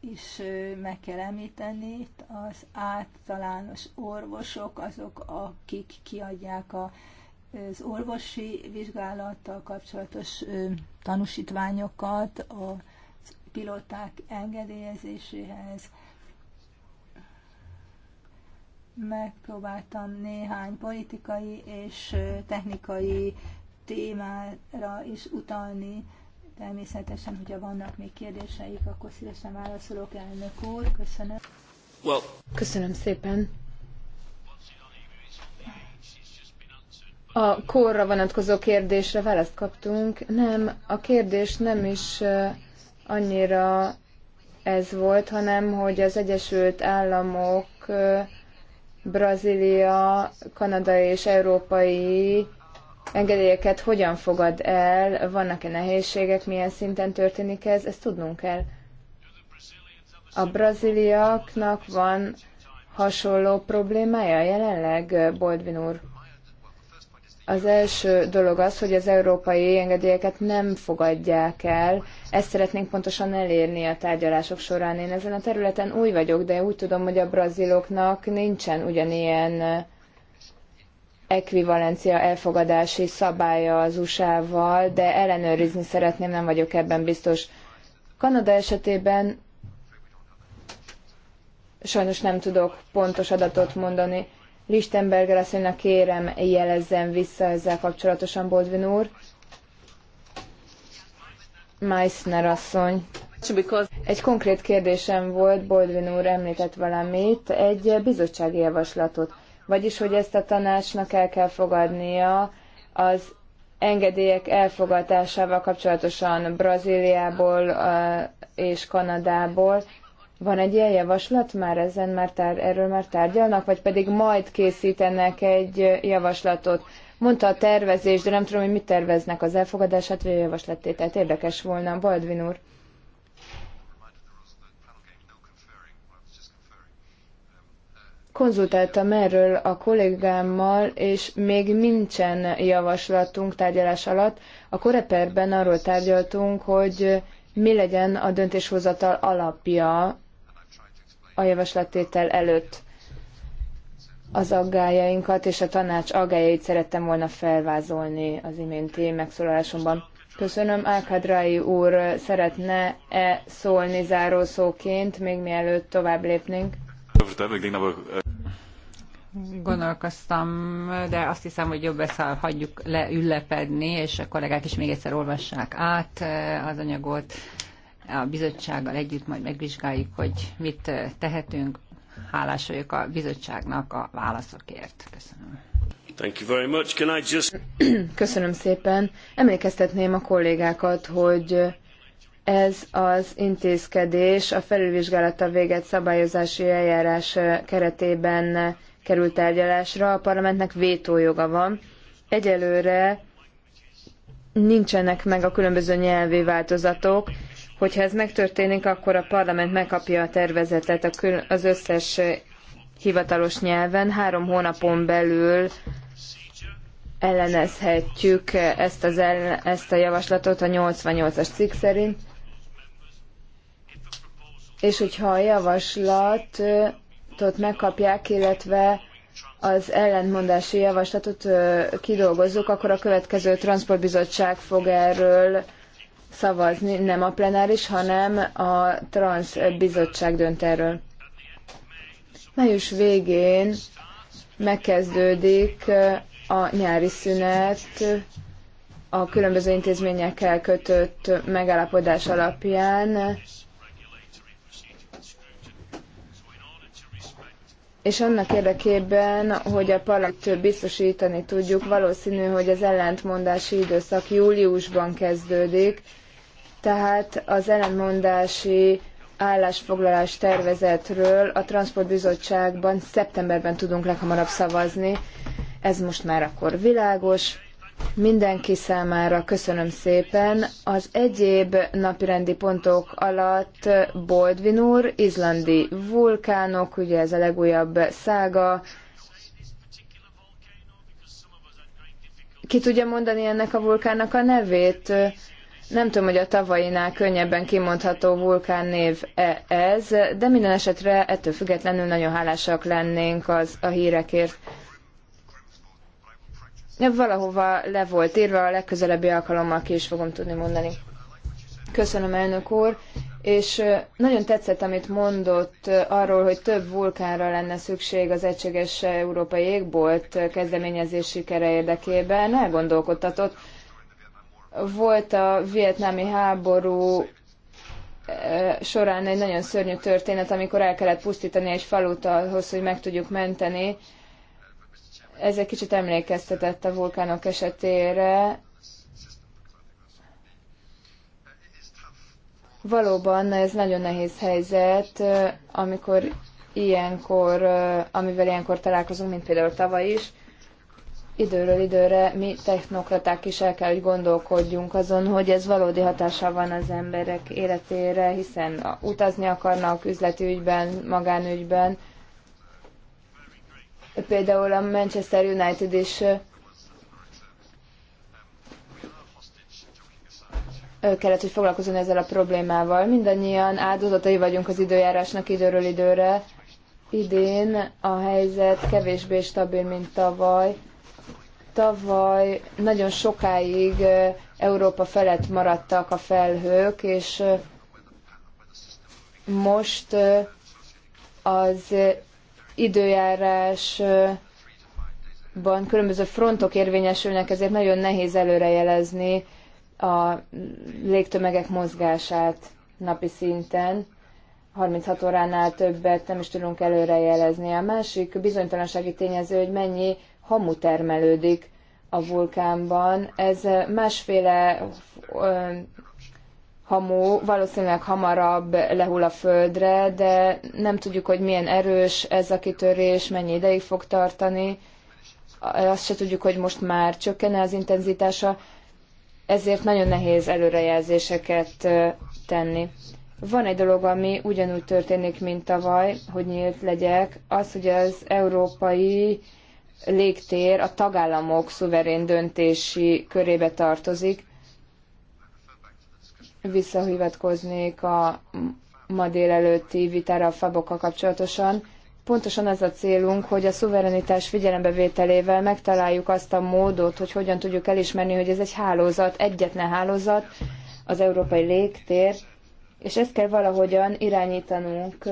is meg kell említeni. az általános orvosok azok, akik kiadják a az orvosi vizsgálattal kapcsolatos tanúsítványokat, a piloták engedélyezéséhez. Megpróbáltam néhány politikai és technikai témára is utalni. Természetesen, hogyha vannak még kérdéseik, akkor szívesen válaszolok, elnök úr. Köszönöm. Well. Köszönöm szépen. A korra vonatkozó kérdésre választ kaptunk. Nem, a kérdés nem is annyira ez volt, hanem hogy az Egyesült Államok, Brazília, Kanada és európai engedélyeket hogyan fogad el, vannak-e nehézségek, milyen szinten történik ez, ezt tudnunk kell. A braziliaknak van hasonló problémája jelenleg, Boldvin úr? Az első dolog az, hogy az európai engedélyeket nem fogadják el. Ezt szeretnénk pontosan elérni a tárgyalások során. Én ezen a területen új vagyok, de úgy tudom, hogy a braziloknak nincsen ugyanilyen ekvivalencia elfogadási szabálya az USA-val, de ellenőrizni szeretném, nem vagyok ebben biztos. Kanada esetében sajnos nem tudok pontos adatot mondani. Lichtenberger asszonynak kérem jelezzen vissza ezzel kapcsolatosan, Boldvin úr. Meissner asszony. Egy konkrét kérdésem volt, Boldvin úr említett valamit, egy bizottsági javaslatot. Vagyis, hogy ezt a tanácsnak el kell fogadnia az engedélyek elfogadásával kapcsolatosan Brazíliából és Kanadából, van egy ilyen javaslat már ezen, már tár, erről már tárgyalnak, vagy pedig majd készítenek egy javaslatot? Mondta a tervezés, de nem tudom, hogy mit terveznek az elfogadását, vagy a javaslattételt. Érdekes volna, Baldvin úr. konzultáltam erről a kollégámmal, és még nincsen javaslatunk tárgyalás alatt. A koreperben arról tárgyaltunk, hogy mi legyen a döntéshozatal alapja a javaslattétel előtt az aggájainkat és a tanács aggájait szerettem volna felvázolni az iménti megszólalásomban. Köszönöm, Ákadrai úr szeretne-e szólni zárószóként, még mielőtt tovább lépnénk? Gondolkoztam, de azt hiszem, hogy jobb ezt hagyjuk leüllepedni, és a kollégák is még egyszer olvassák át eh, az anyagot a bizottsággal együtt majd megvizsgáljuk, hogy mit tehetünk. Hálás vagyok a bizottságnak a válaszokért. Köszönöm. Thank you very much. Can I just... Köszönöm szépen. Emlékeztetném a kollégákat, hogy ez az intézkedés a felülvizsgálata véget szabályozási eljárás keretében került tárgyalásra. A parlamentnek vétójoga van. Egyelőre nincsenek meg a különböző nyelvi változatok, Hogyha ez megtörténik, akkor a parlament megkapja a tervezetet az összes eh, hivatalos nyelven. Három hónapon belül ellenezhetjük eh, ezt, az ezt a javaslatot a 88-as cikk szerint. És hogyha a javaslatot megkapják, illetve az ellentmondási javaslatot eh, kidolgozzuk, akkor a következő transportbizottság fog erről szavazni, nem a plenáris, hanem a Trans bizottság dönt erről. Május végén megkezdődik a nyári szünet a különböző intézményekkel kötött megállapodás alapján, és annak érdekében, hogy a parlament biztosítani tudjuk, valószínű, hogy az ellentmondási időszak júliusban kezdődik, tehát az ellentmondási állásfoglalás tervezetről a Transportbizottságban szeptemberben tudunk leghamarabb szavazni. Ez most már akkor világos. Mindenki számára köszönöm szépen. Az egyéb napirendi pontok alatt Boldvin úr, izlandi vulkánok, ugye ez a legújabb szága. Ki tudja mondani ennek a vulkánnak a nevét? Nem tudom, hogy a tavainál könnyebben kimondható vulkán név -e ez, de minden esetre ettől függetlenül nagyon hálásak lennénk az a hírekért. Valahova le volt írva, a legközelebbi alkalommal ki is fogom tudni mondani. Köszönöm, elnök úr, és nagyon tetszett, amit mondott arról, hogy több vulkánra lenne szükség az egységes európai égbolt kezdeményezés sikere érdekében. Elgondolkodtatott, volt a vietnámi háború e, során egy nagyon szörnyű történet, amikor el kellett pusztítani egy falut ahhoz, hogy meg tudjuk menteni. Ez egy kicsit emlékeztetett a vulkánok esetére. Valóban ez nagyon nehéz helyzet, e, amikor ilyenkor, e, amivel ilyenkor találkozunk, mint például tavaly is, időről időre mi technokraták is el kell, hogy gondolkodjunk azon, hogy ez valódi hatással van az emberek életére, hiszen utazni akarnak üzleti ügyben, magánügyben. Például a Manchester United is kellett, hogy foglalkozzon ezzel a problémával. Mindannyian áldozatai vagyunk az időjárásnak időről időre. Idén a helyzet kevésbé stabil, mint tavaly tavaly nagyon sokáig Európa felett maradtak a felhők, és most az időjárásban különböző frontok érvényesülnek, ezért nagyon nehéz előrejelezni a légtömegek mozgását napi szinten. 36 óránál többet nem is tudunk előrejelezni. A másik bizonytalansági tényező, hogy mennyi hamu termelődik a vulkánban. Ez másféle hamu valószínűleg hamarabb lehull a földre, de nem tudjuk, hogy milyen erős ez a kitörés, mennyi ideig fog tartani. Azt se tudjuk, hogy most már csökkene az intenzitása, ezért nagyon nehéz előrejelzéseket tenni. Van egy dolog, ami ugyanúgy történik, mint tavaly, hogy nyílt legyek, az, hogy az európai légtér a tagállamok szuverén döntési körébe tartozik. Visszahivatkoznék a ma délelőtti vitára a fabokkal kapcsolatosan. Pontosan ez a célunk, hogy a szuverenitás figyelembevételével megtaláljuk azt a módot, hogy hogyan tudjuk elismerni, hogy ez egy hálózat, egyetlen hálózat, az európai légtér, és ezt kell valahogyan irányítanunk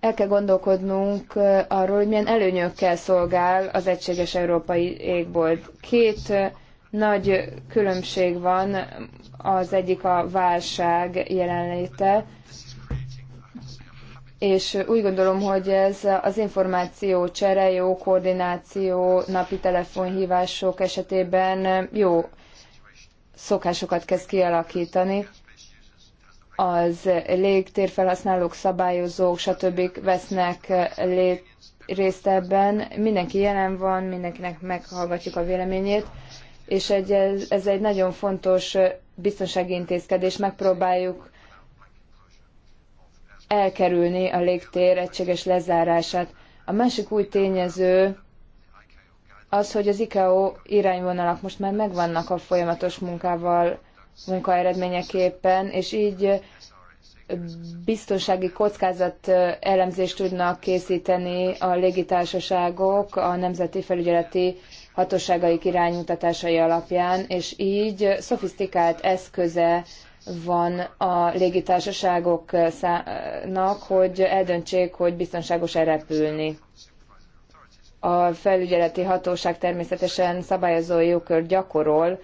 el kell gondolkodnunk arról, hogy milyen előnyökkel szolgál az egységes európai égbolt. Két nagy különbség van, az egyik a válság jelenléte, és úgy gondolom, hogy ez az információ csere, jó koordináció, napi telefonhívások esetében jó szokásokat kezd kialakítani az légtérfelhasználók, szabályozók, stb. vesznek lét, részt ebben. Mindenki jelen van, mindenkinek meghallgatjuk a véleményét, és egy, ez egy nagyon fontos biztonsági intézkedés. Megpróbáljuk elkerülni a légtér egységes lezárását. A másik új tényező az, hogy az ICAO irányvonalak most már megvannak a folyamatos munkával munka eredményeképpen, és így biztonsági kockázat elemzést tudnak készíteni a légitársaságok a nemzeti felügyeleti hatóságaik iránymutatásai alapján, és így szofisztikált eszköze van a légitársaságoknak, hogy eldöntsék, hogy biztonságos-e repülni. A felügyeleti hatóság természetesen szabályozó jogkört gyakorol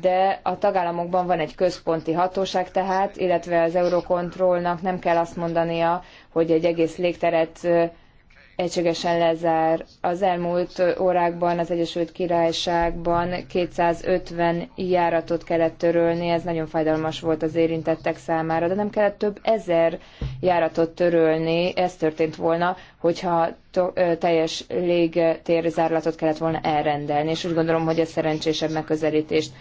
de a tagállamokban van egy központi hatóság tehát, illetve az Eurocontrolnak nem kell azt mondania, hogy egy egész légteret egységesen lezár. Az elmúlt órákban az Egyesült Királyságban 250 járatot kellett törölni, ez nagyon fájdalmas volt az érintettek számára, de nem kellett több ezer járatot törölni, ez történt volna, hogyha teljes légtérzárlatot kellett volna elrendelni, és úgy gondolom, hogy ez szerencsésebb megközelítést.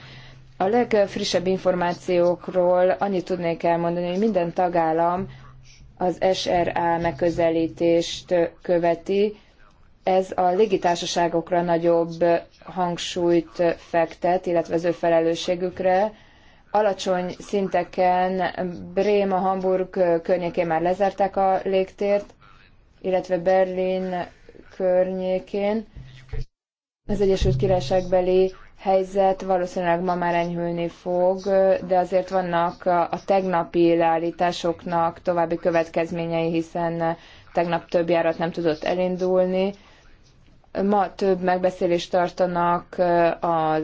A legfrissebb információkról annyit tudnék elmondani, hogy minden tagállam az SRA megközelítést követi. Ez a légitársaságokra nagyobb hangsúlyt fektet, illetve az ő felelősségükre. Alacsony szinteken Bréma, Hamburg környékén már lezárták a légtért, illetve Berlin környékén. Az Egyesült Királyságbeli helyzet valószínűleg ma már enyhülni fog, de azért vannak a tegnapi leállításoknak további következményei, hiszen tegnap több járat nem tudott elindulni. Ma több megbeszélést tartanak a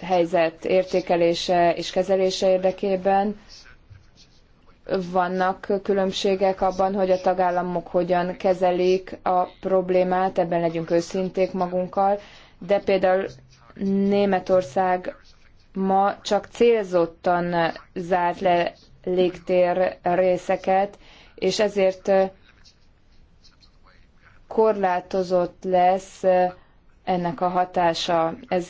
helyzet értékelése és kezelése érdekében. Vannak különbségek abban, hogy a tagállamok hogyan kezelik a problémát, ebben legyünk őszinték magunkkal, de például Németország ma csak célzottan zárt le légtér részeket, és ezért korlátozott lesz ennek a hatása. Ez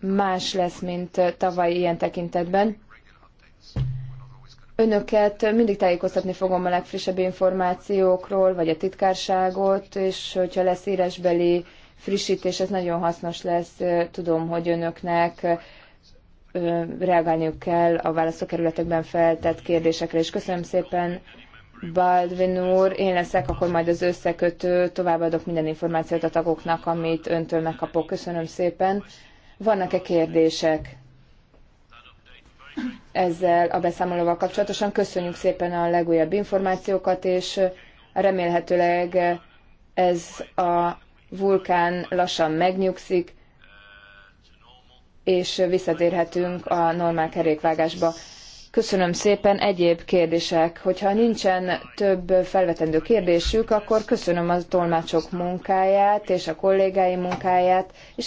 más lesz, mint tavaly ilyen tekintetben. Önöket mindig tájékoztatni fogom a legfrissebb információkról, vagy a titkárságot, és hogyha lesz írásbeli frissítés, ez nagyon hasznos lesz. Tudom, hogy önöknek reagálniuk kell a választókerületekben feltett kérdésekre, és köszönöm szépen Baldwin úr, én leszek, akkor majd az összekötő, továbbadok minden információt a tagoknak, amit öntől megkapok. Köszönöm szépen. Vannak-e kérdések ezzel a beszámolóval kapcsolatosan? Köszönjük szépen a legújabb információkat, és remélhetőleg ez a vulkán lassan megnyugszik, és visszatérhetünk a normál kerékvágásba. Köszönöm szépen. Egyéb kérdések. Hogyha nincsen több felvetendő kérdésük, akkor köszönöm a tolmácsok munkáját és a kollégáim munkáját, és